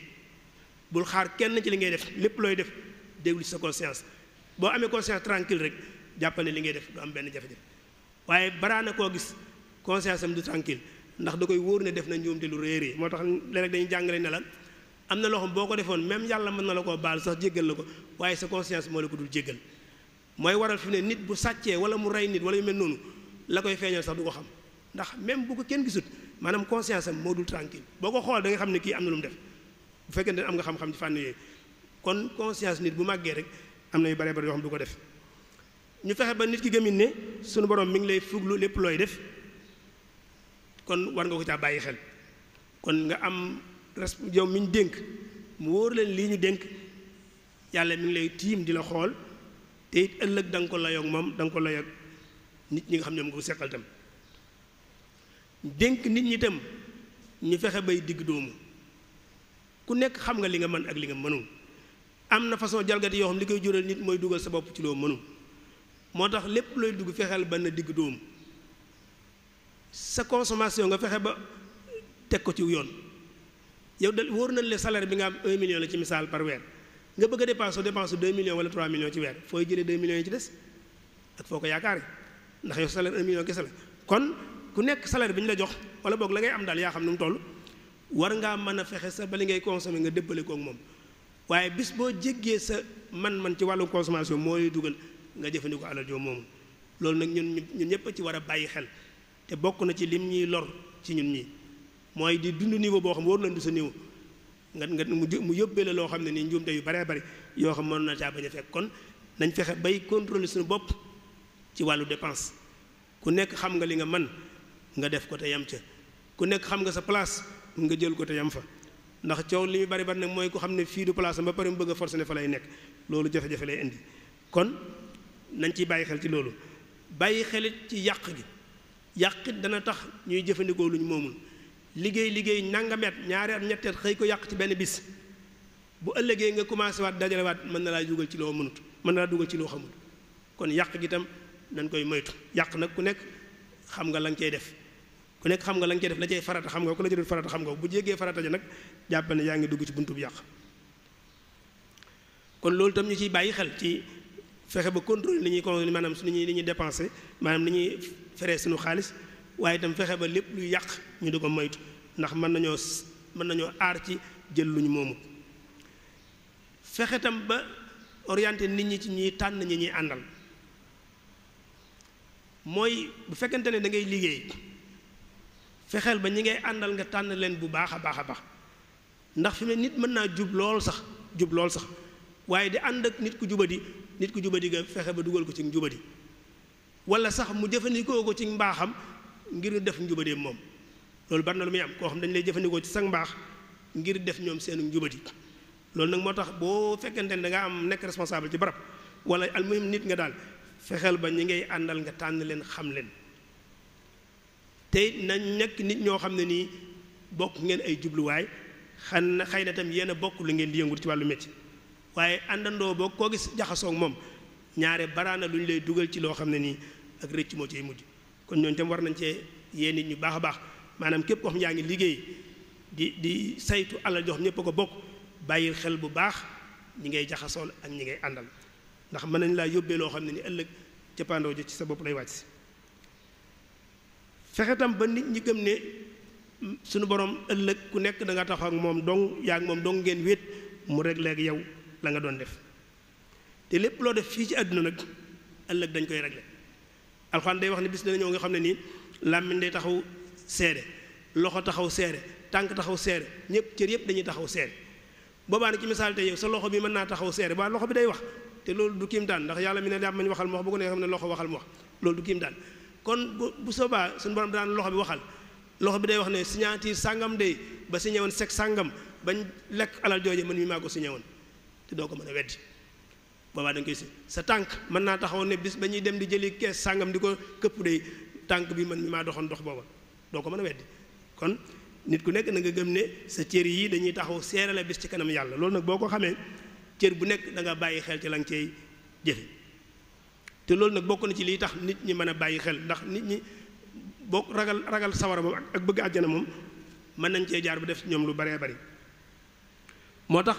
Speaker 1: bul xaar kenn ci li ngay def lépp looy def déglu sa conscience boo amee conscience tranquille rek jàppale li ngay def du am benn jafe-jafe waaye baraana koo gis conscience am du tranquille ndax da koy wóor ne def na njuumte lu réeree moo tax léeg dañu dañuy jàngale ne la am na loo boo ko defoon même yàlla mën na la koo baal sax jéggal la ko waaye sa conscience moo la ko dul jéggal mooy waral fi ne nit bu sàccee wala mu rey nit wala yu noonu la koy feeñal sax du ko xam ndax même bu kenn gisut maanaam conscience am moo dul tranquille boo ko xool danga xam ne kii am na lu mu def bu fekkente ne am nga xam-xam fànn yooyu kon conscience nit bu màggee rek am na yu bare bare yoo xam du ko def ñu fexe ba nit ki gëmin ne suñu borom mi ngi lay fuglu lépp looy def kon war nga ko caa bàyyi xel kon nga am res yow mi ñu dénk mu wóor leen lii ñu dénk yàlla mi ngi lay tiim di la xool te it ëllëg da nga ko layoog moom da nga ko layoog nit ñi nga xam ñoom nga ko seqal tam dénk nit ñi itam ñu fexe bay digg doomu ku nekk xam nga li nga mën ak li nga mënul am na façon jalgati yoo xam li koy jural nit mooy dugal sa bopp ci loo mënul moo tax lépp looy dugg fexeel ba na digg doomu sa consommation nga fexe ba teg ko ci yoon yow da wóor nañ le salaire bi nga am 1 million la ci misaal par weer nga bëgg a dépenser dépense 2 millions wala 3 millions ci weer fooy jëlee 2 millions yi ci des ak foo ko yaakaar ndax yow salaire 1 ku nekk salaire bi ñu la jox wala boog la ngay am daal yaa xam nu mu toll war ngaa mën a fexe sa bali ngay consommer nga débbale koog moom waaye bis boo jéggee sa man-man ci wàllu consommation mooy dugal nga jëfandikoo alal joo moomu loolu nag ñun ñun ñëpp ci war a bàyyi xel te bokk na ci lim ñuy lor ci ñun ñi mooy di dund niveau boo xam waru na du sa niveau nga nga mu yóbbee la loo xam ne nii njuumte yu baree bari yoo xam mën na caa bañ a fekk kon nañ fexe bay contrôler suñu bopp ci wàllu dépense ku nekk xam nga li nga man nga def ko te yam ca ku nekk xam nga sa place nga jël ko te yam fa ndax coow li muy bari bari nag mooy ku xam ne fii du place am ba pare mu bëgg a ne fa lay nekk loolu jafe-jafe lay indi kon nañ ciy bàyyi xel ci loolu bàyyi xelit ci yàq gi yàqit dana tax ñuy jëfandikoo lu ñu moomul liggéey liggéey nangameet ñaari at xëy ko yàq ci benn bis bu ëllëgee nga commencé waat dajale waat mën na laa dugal ci loo mënut mën na laa dugal ci loo xamul kon yàq gi tam nañ koy moytu yàq nag ku nekk xam nga la nga def ku nekk xam nga lañ nga def la cay farata xam nga ku la ca dul farata xam nga bu jéggee farata ji nag jàpp ne yaa ngi dugg ci buntu bu yàq kon loolu tam ñu ciy bàyyi xel ci fexe ba contrôler li ñuy maanaam su ñuy li ñuy dépensé maanaam li ñuy feree suñu xaalis waaye itam fexe ba lépp lu yàq ñu di ko moytu ndax mën nañoo mën nañoo aar ci jël luñu moomu fexe tam ba orienté nit ñi ci ñuy tànn ñi ñuy àndal mooy bu fekkente ne da ngay liggéey. fexeel ba ñi ngay àndal nga tànn leen bu baax a baax a baax ndax fi mu nit mën naa jub lool sax jub lool sax waaye di ànd ak nit ku jubadi nit ku jubadi nga fexe ba dugal ko ci njubadi wala sax mu jëfandikoo ko ci mbaaxam ngir def njubadi moom loolu bari lu muy am koo xam dañu lay jëfandikoo ci sa mbaax ngir def ñoom seen njubadi loolu nag moo tax boo fekkente ne da ngaa am nekk responsable ci barab wala almuhim nit nga daal fexeel ba ñi ngay àndal nga tànn leen xam leen. tey nañ nekk nit ñoo xam ne nii bokk ngeen ay jubluwaay xan na xëy na tam yéen a bokk lu ngeen di yëngu ci wàllu métier waaye àndandoo boog koo gis jaxasoo moom ñaare baraana lu ñu lay dugal ci loo xam ne nii ak rëcc moo ciy mujj kon ñooñu tam war nañ cee yéen nit ñu baax a baax maanaam képp koo xam yaa ngi liggéey di di saytu alal jox ñëpp ko bokk bàyyi xel bu baax ñi ngay jaxasool ak ñi ngay àndal ndax mën nañ laa yóbbee loo xam ne ni ëllëg cappaandoo ji ci sa bopp lay wàcc si fexe tam ba nit ñi gëm ne suñu borom ëllëg ku nekk danga taxaw ak moom dong yaa ak moom dong ngeen wéet mu rek ak yow la nga doon def te lépp loo def fii ci àdduna nag ëllëg dañ koy réglé alxuraan day wax ne bis dana ñëw nga xam ne nii làmmiñ day taxaw seere loxo taxaw seere tànk taxaw seere ñëpp cër yëpp dañuy taxaw seere boobaa nag ci misaal te yow loxo bi mën naa taxaw seere ba loxo bi day wax te loolu du kiim daan ndax yàlla mi ne làmmiñ waxal mu wax bu ko nee xam ne loxo waxal mu wax loolu du kiim kon bu soobaa suñu borom daan loxo bi waxal loxo bi day wax ne signature sàngam day ba signé woon sec sàngam bañ lekk alal jooje mën mi maa ko signé woon te doo ko mën a weddi boobaa da nga koy sa tànk mën naa taxaw ne bis ba dem di jëli kees sàngam di ko këpp day tànk bi man mi maa doxoon dox booba doo ko mën a weddi kon nit ku nekk na nga gëm ne sa cër yi dañuy taxaw seere la bis ci kanam yàlla loolu nag boo ko xamee cër bu nekk da bàyyi xel ci la nga cey jëfe te loolu nag bokk na ci lii tax nit ñi mën a bàyyi xel ndax nit ñi boo ragal ragal sawara moom ak bëgg àjjana moom mën nañ cee jaar bu def ñoom lu baree bari moo tax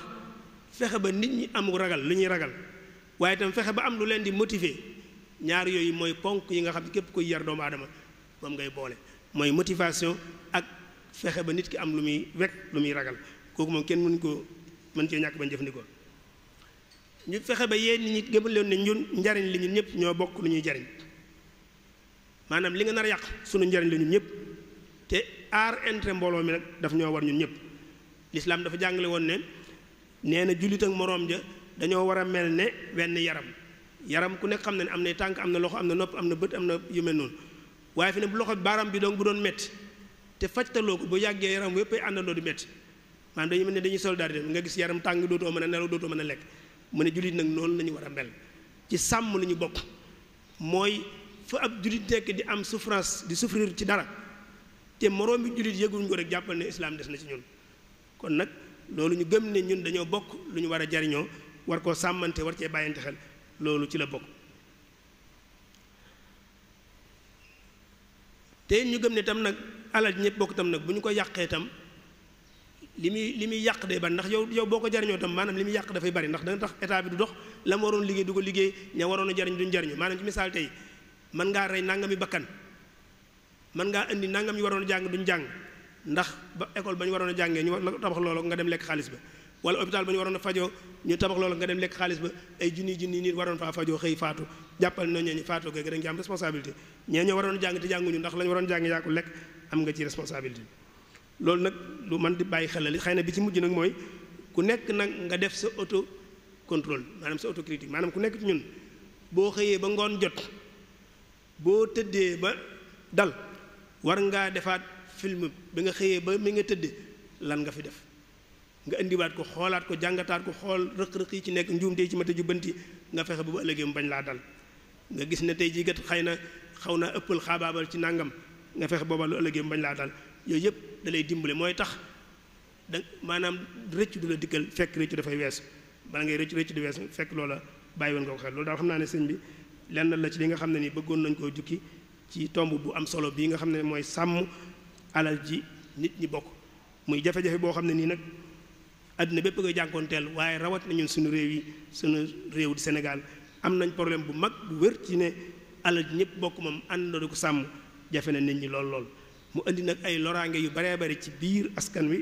Speaker 1: fexe ba nit ñi amul ragal lu ñuy ragal waaye itam fexe ba am lu leen di motiver ñaar yooyu mooy ponk yi nga xam ne képp ku yar doomu aadama moom ngay boole mooy motivation ak fexe ba nit ki am lu muy wekk lu muy ragal kooku moom kenn mënu ko mën cee ñàkk bañ jëfandikoo ñu fexe ba yéen ni ñi gëmal leen ne ñun njariñ li ñun ñëpp ñoo bokk lu ñuy jariñ maanaam li nga nar yàq sunu njariñ la ñun ñëpp te aar intérêt mbooloo mi nag dafa ñoo war ñun ñëpp lislaam dafa jàngale woon ne nee na jullit ak moroom ja dañoo war a mel ne wenn yaram yaram ku nekk xam na ne am na tànk am na loxo am na nopp am na bët am na yu mel noonu waaye fi ne bu loxo baaram bi donc bu doon métti te fajtaloo ko bu yàggee yaram wépp ay àndandoo di métti maanaam dañu mel ne dañuy solidarité nga gis yaram tàng dootoo mën a nelaw dootoo mën a lekk mu ne jullit nag noonu la ñu war a mel ci sàmm li ñu bokk mooy fu ab jullit nekk di am souffrance di souffrir ci dara te moroom bi jullit yëguñ ko rek jàppal ne islaam des na ci ñun kon nag loolu ñu gëm ne ñun dañoo bokk lu ñu war a jariñoo war koo sàmmante war cee bàyyante xel loolu ci la bokk te ñu gëm ne tam nag alal ñëpp bokk tam nag bu ñu ko yàqee tam li muy li muy yàq de bari ndax yow yow boo ko jariñoo tam maanaam li mu yàq dafay bari ndax dana tax état bi du dox la mu waroon liggéey du ko liggéey ña waroon a jariñ duñ jariñu maanaam ci misaal tey man ngaa rey nangami bakkan man ngaa indi nangam yi waroon jàng duñ jàng ndax ba école ba ñu waroon a jàngee ñu tabax loolu nga dem lekk xaalis ba wala hôpital ba ñu waroon a ñu tabax loolu nga dem lekk xaalis ba ay junni junni nit waroon faa fajoo xëy faatu jàppal na ñooñu faatu kay dañ ci am responsabilité ñee ñoo waroon jàng te jànguñu ndax waroon jàng yaa ko lekk am nga ci responsabilité loolu nag lu man di bàyyi xel la li na bi ci mujj nag mooy ku nekk nag nga def sa auto contrôle maanaam sa auto autocritique maanaam ku nekk ci ñun boo xëyee ba ngoon jot boo tëddee ba dal war ngaa defaat film bi nga xëyee ba mi nga tëdd lan nga fi def nga indiwaat ko xoolaat ko jàngataat ko xool rëq-rëq yi ci nekk njuumte ci mata jubbanti nga fexe ba bu ëllëgee mu bañ laa dal nga gis ne tey jii gat xëy na xaw naa ëppal xaabaabal ci nangam nga fexe booba lu ëllëgee mu laa dal yooyu yëpp da lay dimbale mooy tax da maanaam rëcc du la dikkal fekk rëccu dafay weesu bala ngay rëccu rëccu di weesu fekk loola bàyyi woon nga ko xel loolu daal xam naa ne sëñ bi lenn la ci li nga xam ne ni bëggoon nañ koo jukki ci tomb bu am solo bii nga xam ne mooy sàmm alal ji nit ñi bokk muy jafe-jafe boo xam ne nii nag àddina bépp koy jànkoonteel waaye rawat na suñu réew yi suñu réew di Sénégal am nañ problème bu mag bu wér ci ne alal ji ñëpp bokk moom ànd na ko sàmm jafe na nit ñi lool lool mu indi nag ay loraange yu baree bari ci biir askan wi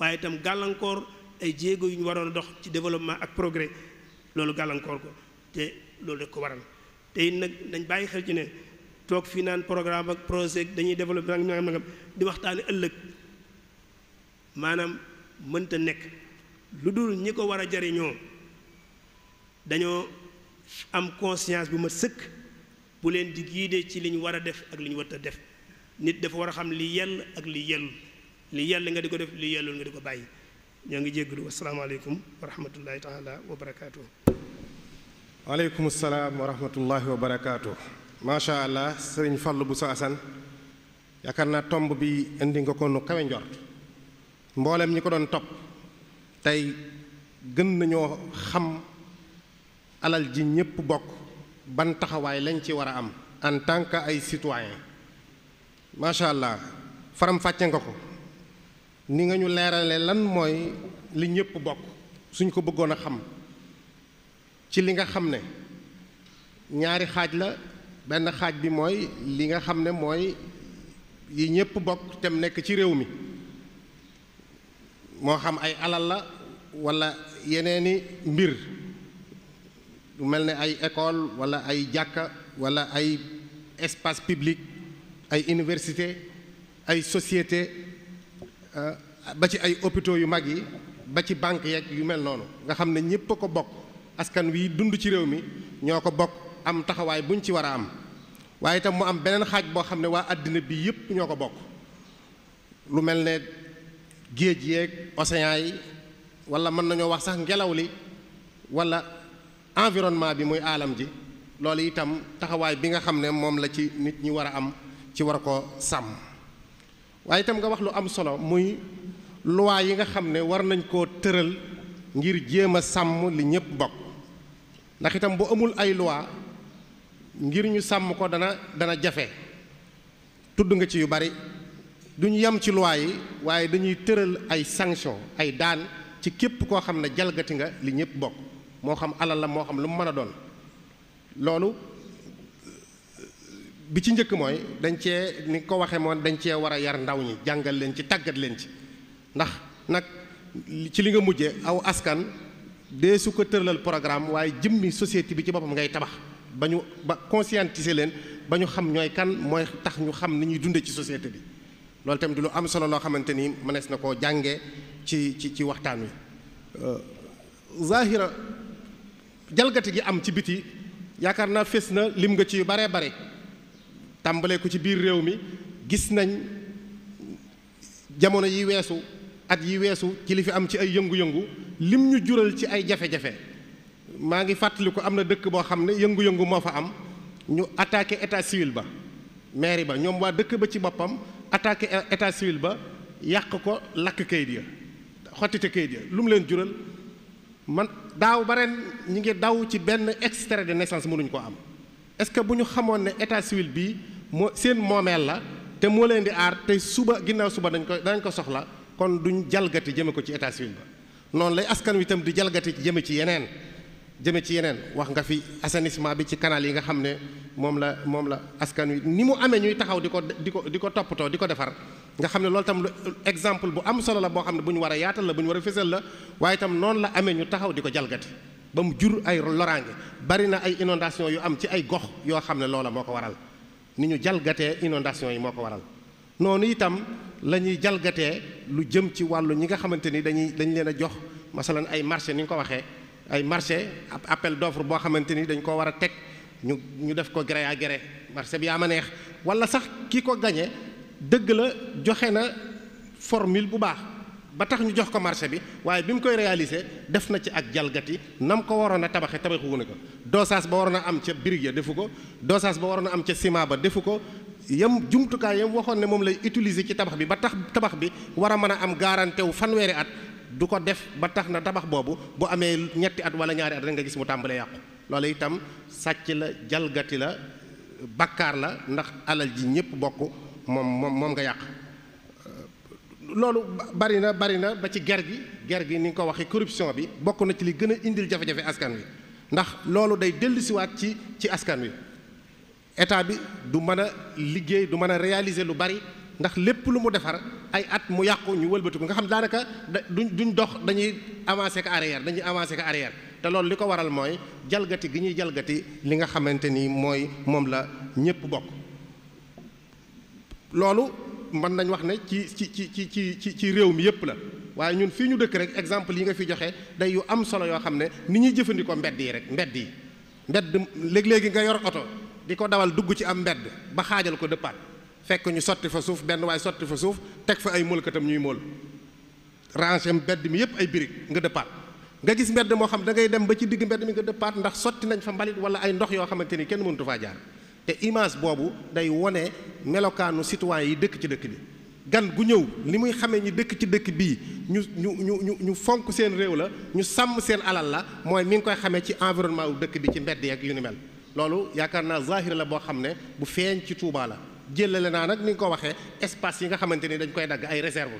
Speaker 1: waaye itam gàllankoor ay jéego yu ñu waroon dox ci développement ak progrès loolu gàllankoor ko te loolu rek ko waral te it nag dañ bàyyi xel ci ne toog fii naan programme ak projet dañuy développé nangam nangam di waxtaane ëllëg maanaam mënta nekk lu dul ñi ko war a jariñoo dañoo am conscience bu ma sëkk bu leen di guider ci li ñu war a def ak li ñu warta def nit dafa war a xam li yell ak li yellul li yell nga di ko def li yellul nga di ko bàyyi ñoo ngi jéggalu asalaamaaleykum wa rahmatullahi taala wa barakaatu.
Speaker 2: waaleykum salaam wa barakaatu. macha allah sëriñ Fallou Bousso Assane yaakaar naa tomb bi indi nga ko nu kawe njort mboolem ñi ko doon topp tey gën nañoo xam alal ji ñépp bokk ban taxawaay lañ ci war a am en tant que ay citoyen macha allah faramfàcce nga ko ni nga ñu leerale lan mooy li ñëpp bokk suñ ko bëggoon a xam ci li nga xam ne ñaari xaaj la benn xaaj bi mooy li nga xam ne mooy yi ñëpp bokk tem nekk ci réew mi moo xam ay alal la walla yeneeni mbir lu mel ni ay école walla ay jàkka walla ay espace public ay université ay société euh, ba ci ay hôpitaux yu mag yi ba ci banque yeeg yu mel noonu nga xam ne ñépp ko bokk askan wi dund ci réew mi ñoo ko bokk am taxawaay buñ ci war a am waaye itam mu am beneen xaaj boo xam ne waa àddina bi yépp ñoo ko bokk lu mel ne géej yeeg océan yi wala mën nañoo wax sax ngelaw li wala environnement bi muy aalam ji loolu itam taxawaay bi nga xam ne moom la ci nit ñi war a am ci war ko sàmm waaye itam nga wax lu am solo muy loi yi nga xam ne war nañ koo tëral ngir jéem a sàmm li ñépp bokk ndax itam bu amul ay loi ngir ñu sàmm ko dana dana jafe tudd nga ci yu bari duñu yem ci loi yi waaye dañuy tëral ay sanction ay daan ci képp koo xam ne jalgati nga li ñépp bokk moo xam alal la moo xam lu mu mën a doon loolu bi ci njëkk mooy dañ cee ni ko waxee moom dañ cee war a yar ndaw ñi jàngal leen ci tàggat leen ci ndax nag ci li nga mujjee aw askan dee su ko tëralal programme waaye jëmmi société bi ci boppam ngay tabax ba ñu ba conscientiser leen ba ñu xam ñooy kan mooy tax ñu xam ni ñuy dunde ci société bi loolu tamit di lu am solo loo xamante ni mënees na koo jànge ci ci ci waxtaan wi euh, zahira jalgati gi am ci biti yaakaar naa fés na lim nga ci yu baree bare tàmbalee ko ci biir réew mi gis nañ jamono yi weesu at yi weesu ci li fi am ci ay yëngu-yëngu lim ñu jural ci ay jafe-jafe maa ngi fàttaliku am na dëkk boo xam ne yëngu-yëngu moo fa am ñu attaqué état civil ba mairie ba ñoom waa dëkk ba ci boppam attaqué état civil ba yàq ko lakk kayit ya xottite kayit ya lu mu leen jural man daaw ba ren ñi ngi daw ci benn extrait de naissance mënuñ ko am est-ce bu ñu xamoon ne état civil bii moo seen moomeel la te moo leen di aar te suba ginnaaw suba dañ ko dañ ko soxla kon duñ jalgati jëme ko ci état civil ba noonu lay askan wi itam di jalgati jëme ci yeneen jëme ci yeneen wax nga fi assainissement bi ci canal yi nga xam ne moom la moom la askan wi ni mu amee ñuy taxaw di ko di ko di ko toppatoo di ko defar nga xam ne loolu tam exemple bu am solo la boo xam ne bu ñu war a yaatal la bu ñu war a fésal la waaye itam noonu la amee ñu taxaw di ko jalgati ba mu jur ay loraange bari na ay inondation yu am ci ay gox yoo xam ne loola moo ko waral ni ñu jalgatee inondation yi moo ko waral noonu itam la ñuy jalgatee lu jëm ci wàllu ñi nga xamante ni dañuy dañ leen a jox masalan ay marché ni nga ko waxee ay ab appel d'offre boo xamante ni dañ koo war a teg ñu ñu def ko gré à gré marché bi yaa ma neex wala sax ki ko gañe dëgg la joxe na formule bu baax ba tax ñu jox ko marché bi waaye bi mu koy réalisé def na ci ak jalgati nam ko waroon a tabaxee tabaxu wu ko dosage ba waroon a am ca brique ya defu ko dosage ba waroon a am ca ciment ba defu ko yam jumtukaay yam waxoon ne moom lay utiliser ci tabax bi ba tax tabax bi war a mën a am garanté wu fanweeri at du ko def ba tax na tabax boobu bu amee ñetti at wala ñaari at rek nga gis mu tàmbalee yàqu loolu itam sàcc la jalgati la bakkaar la ndax alal ji ñëpp bokk moom moom moom nga yàq loolu bari na bari na ba ci ger gi ger gi ni nga ko waxee corruption bi bokk na ci li gën indil jafe-jafe askan wi ndax loolu day dellusiwaat ci ci askan wi état bi du mën a liggéey du mën a réaliser lu bari ndax lépp lu mu defar ay at mu yàqu ñu wëlbati ko nga xam daanaka duñ duñ dox dañuy avancé ko arrière dañuy avancer ko arrière te loolu li ko waral mooy jalgati gi ñuy jalgati li nga xamante ni mooy moom la ñépp bokk loolu mën nañ wax ne ci ci ci ci ci ci réew mi yëpp la waaye ñun fii ñu dëkk rek exemple yi nga fi joxe day yu am solo yoo xam ne ni ñuy jëfandikoo mbedd yi rek mbedd yi mbedd léeg-léegi nga yor oto di ko dawal dugg ci am mbedd ba xaajal ko dëppaat fekk ñu sotti fa suuf benn waaye sotti fa suuf teg fa ay mëlkatam ñuy mool rangé mbedd mi yëpp ay birig nga dëppaat nga gis mbedd moo xam da ngay dem ba ci digg mbedd mi nga dëppaat ndax sotti nañ fa mbalit wala ay ndox yoo xamante ni kenn mëntu faa jaar te image boobu day wone melokaanu citoyen yi dëkk ci dëkk bi gan gu ñëw li muy xamee ñi dëkk ci dëkk bi ñu ñu ñu ñu ñu fonk seen réew la ñu sàmm seen alal la mooy mi ngi koy xamee ci environnement wu dëkk bi ci mbedd yeeg yu ni mel loolu yaakaar naa zahir la boo xam ne bu feeñ ci Touba la jëlale naa nag ni nga ko waxee espace yi nga xamante ni dañ koy dagg ay réserve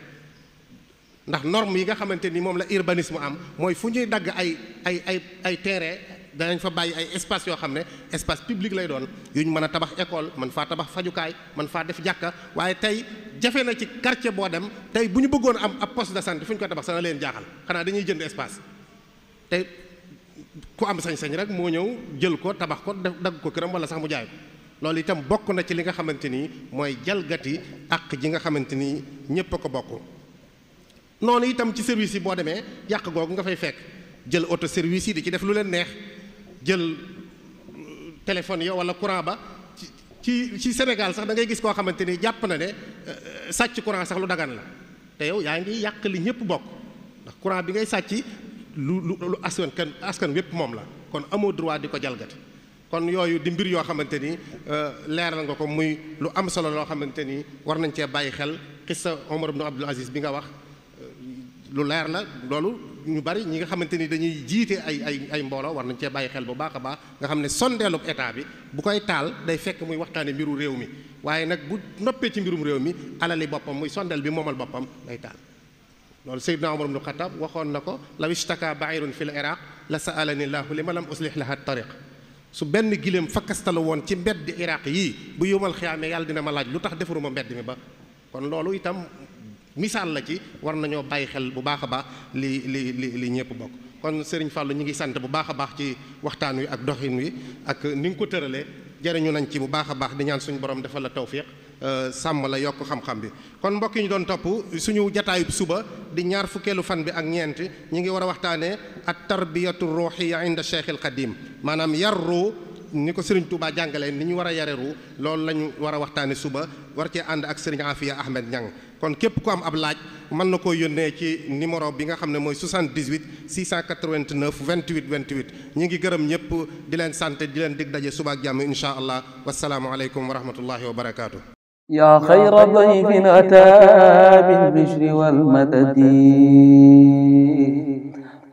Speaker 2: ndax norme yi nga xamante ni moom la urbanisme am mooy fu ñuy dagg ay ay ay ay terrain danañ fa bàyyi ay espace yoo xam ne espace public lay doon yu ñu mën a tabax école man faa tabax fajukaay man faa def jàkka waaye tey jafe na ci quartier boo dem tey bu ñu bëggoon am ab poste de santé fu ñu ko tabax sana leen jaaxal xanaa dañuy jënd espace tey ku am sañ-sañ rek moo ñëw jël ko tabax ko dagg ko këram wala sax mu jaay ko loolu itam bokk na ci li nga xamante ni mooy jalgati ak ji nga xamante ni ñëpp a ko bokk noonu itam ci service yi boo demee yàq googu nga fay fekk jël auto service yi di ci def lu leen neex jël euh, téléphone ya wala courant ba ci ci Sénégal sax da ngay gis koo xamante ni jàpp na ne euh, sàcc courant sax lu dagan la te yow yaa ngi yàq li ñëpp bokk ndax courant bi ngay sàcc lu lu lu askan askan wépp moom la kon amoo droit di ko jalgati kon yooyu di mbir yoo xamante ni euh, leeral nga ko muy lu am solo loo xamante ni war nañ cee bàyyi xel xissa Omar ibn Abdul Aziz bi nga wax lu leer la loolu ñu bari ñi nga xamante ni dañuy jiite ay ay ay mbooloo war nañ cee bàyyi xel bu baax a baax nga xam ne sondeelub état bi bu koy taal day fekk muy waxtaane mbiru réew mi waaye nag bu noppee ci mbirum réew mi alali boppam muy sondeel bi moomal boppam day taal loolu Seydina Omar ibnu Xattaab waxoon na ko law ishtaka ba'irun fil iraq la sa sa'alani li ma lam uslih laha tariq su benn giléem fakkastalu woon ci mbedd iraq yii bu yomal xiyaamee yàlla dina ma laaj lu tax defaruma mbedd mi ba misaal la ci war nañoo bàyyi xel bu baax a baax li li li li ñëpp bokk kon Serigne Fallou ñu ngi sant bu baax a baax ci waxtaan wi ak doxin wi ak ni ko tëralee jariñu nañ ci bu baax a baax di ñaan suñu borom defala la tawfiq euh, sàmm la yokk xam-xam bi kon mbokk yi ñu doon topp suñu jataayub suba di ñaar fukkeelu fan bi ak ñeent ñu ngi war a waxtaanee at tarbiyatu ruuxiya inda cheikh al qadim maanaam yar ruu ni ko sëriñ Touba jàngalee ni ñu war a yareeru loolu la ñu war a waxtaanee suba war cee ànd ak sëriñ Afia Ahmed Niang kon képp ku am ab laaj mën na koo yónnee ci numéro bi nga xam ne mooy 78 689 28 28 ñi ngi gërëm ñëpp di leen sant di leen dig daje suba ak jàmm incha allah wasalaamu aleykum wa rahmatullahi wa barakaatu. yaa xayra dayfin ataa bil bishri wal madadi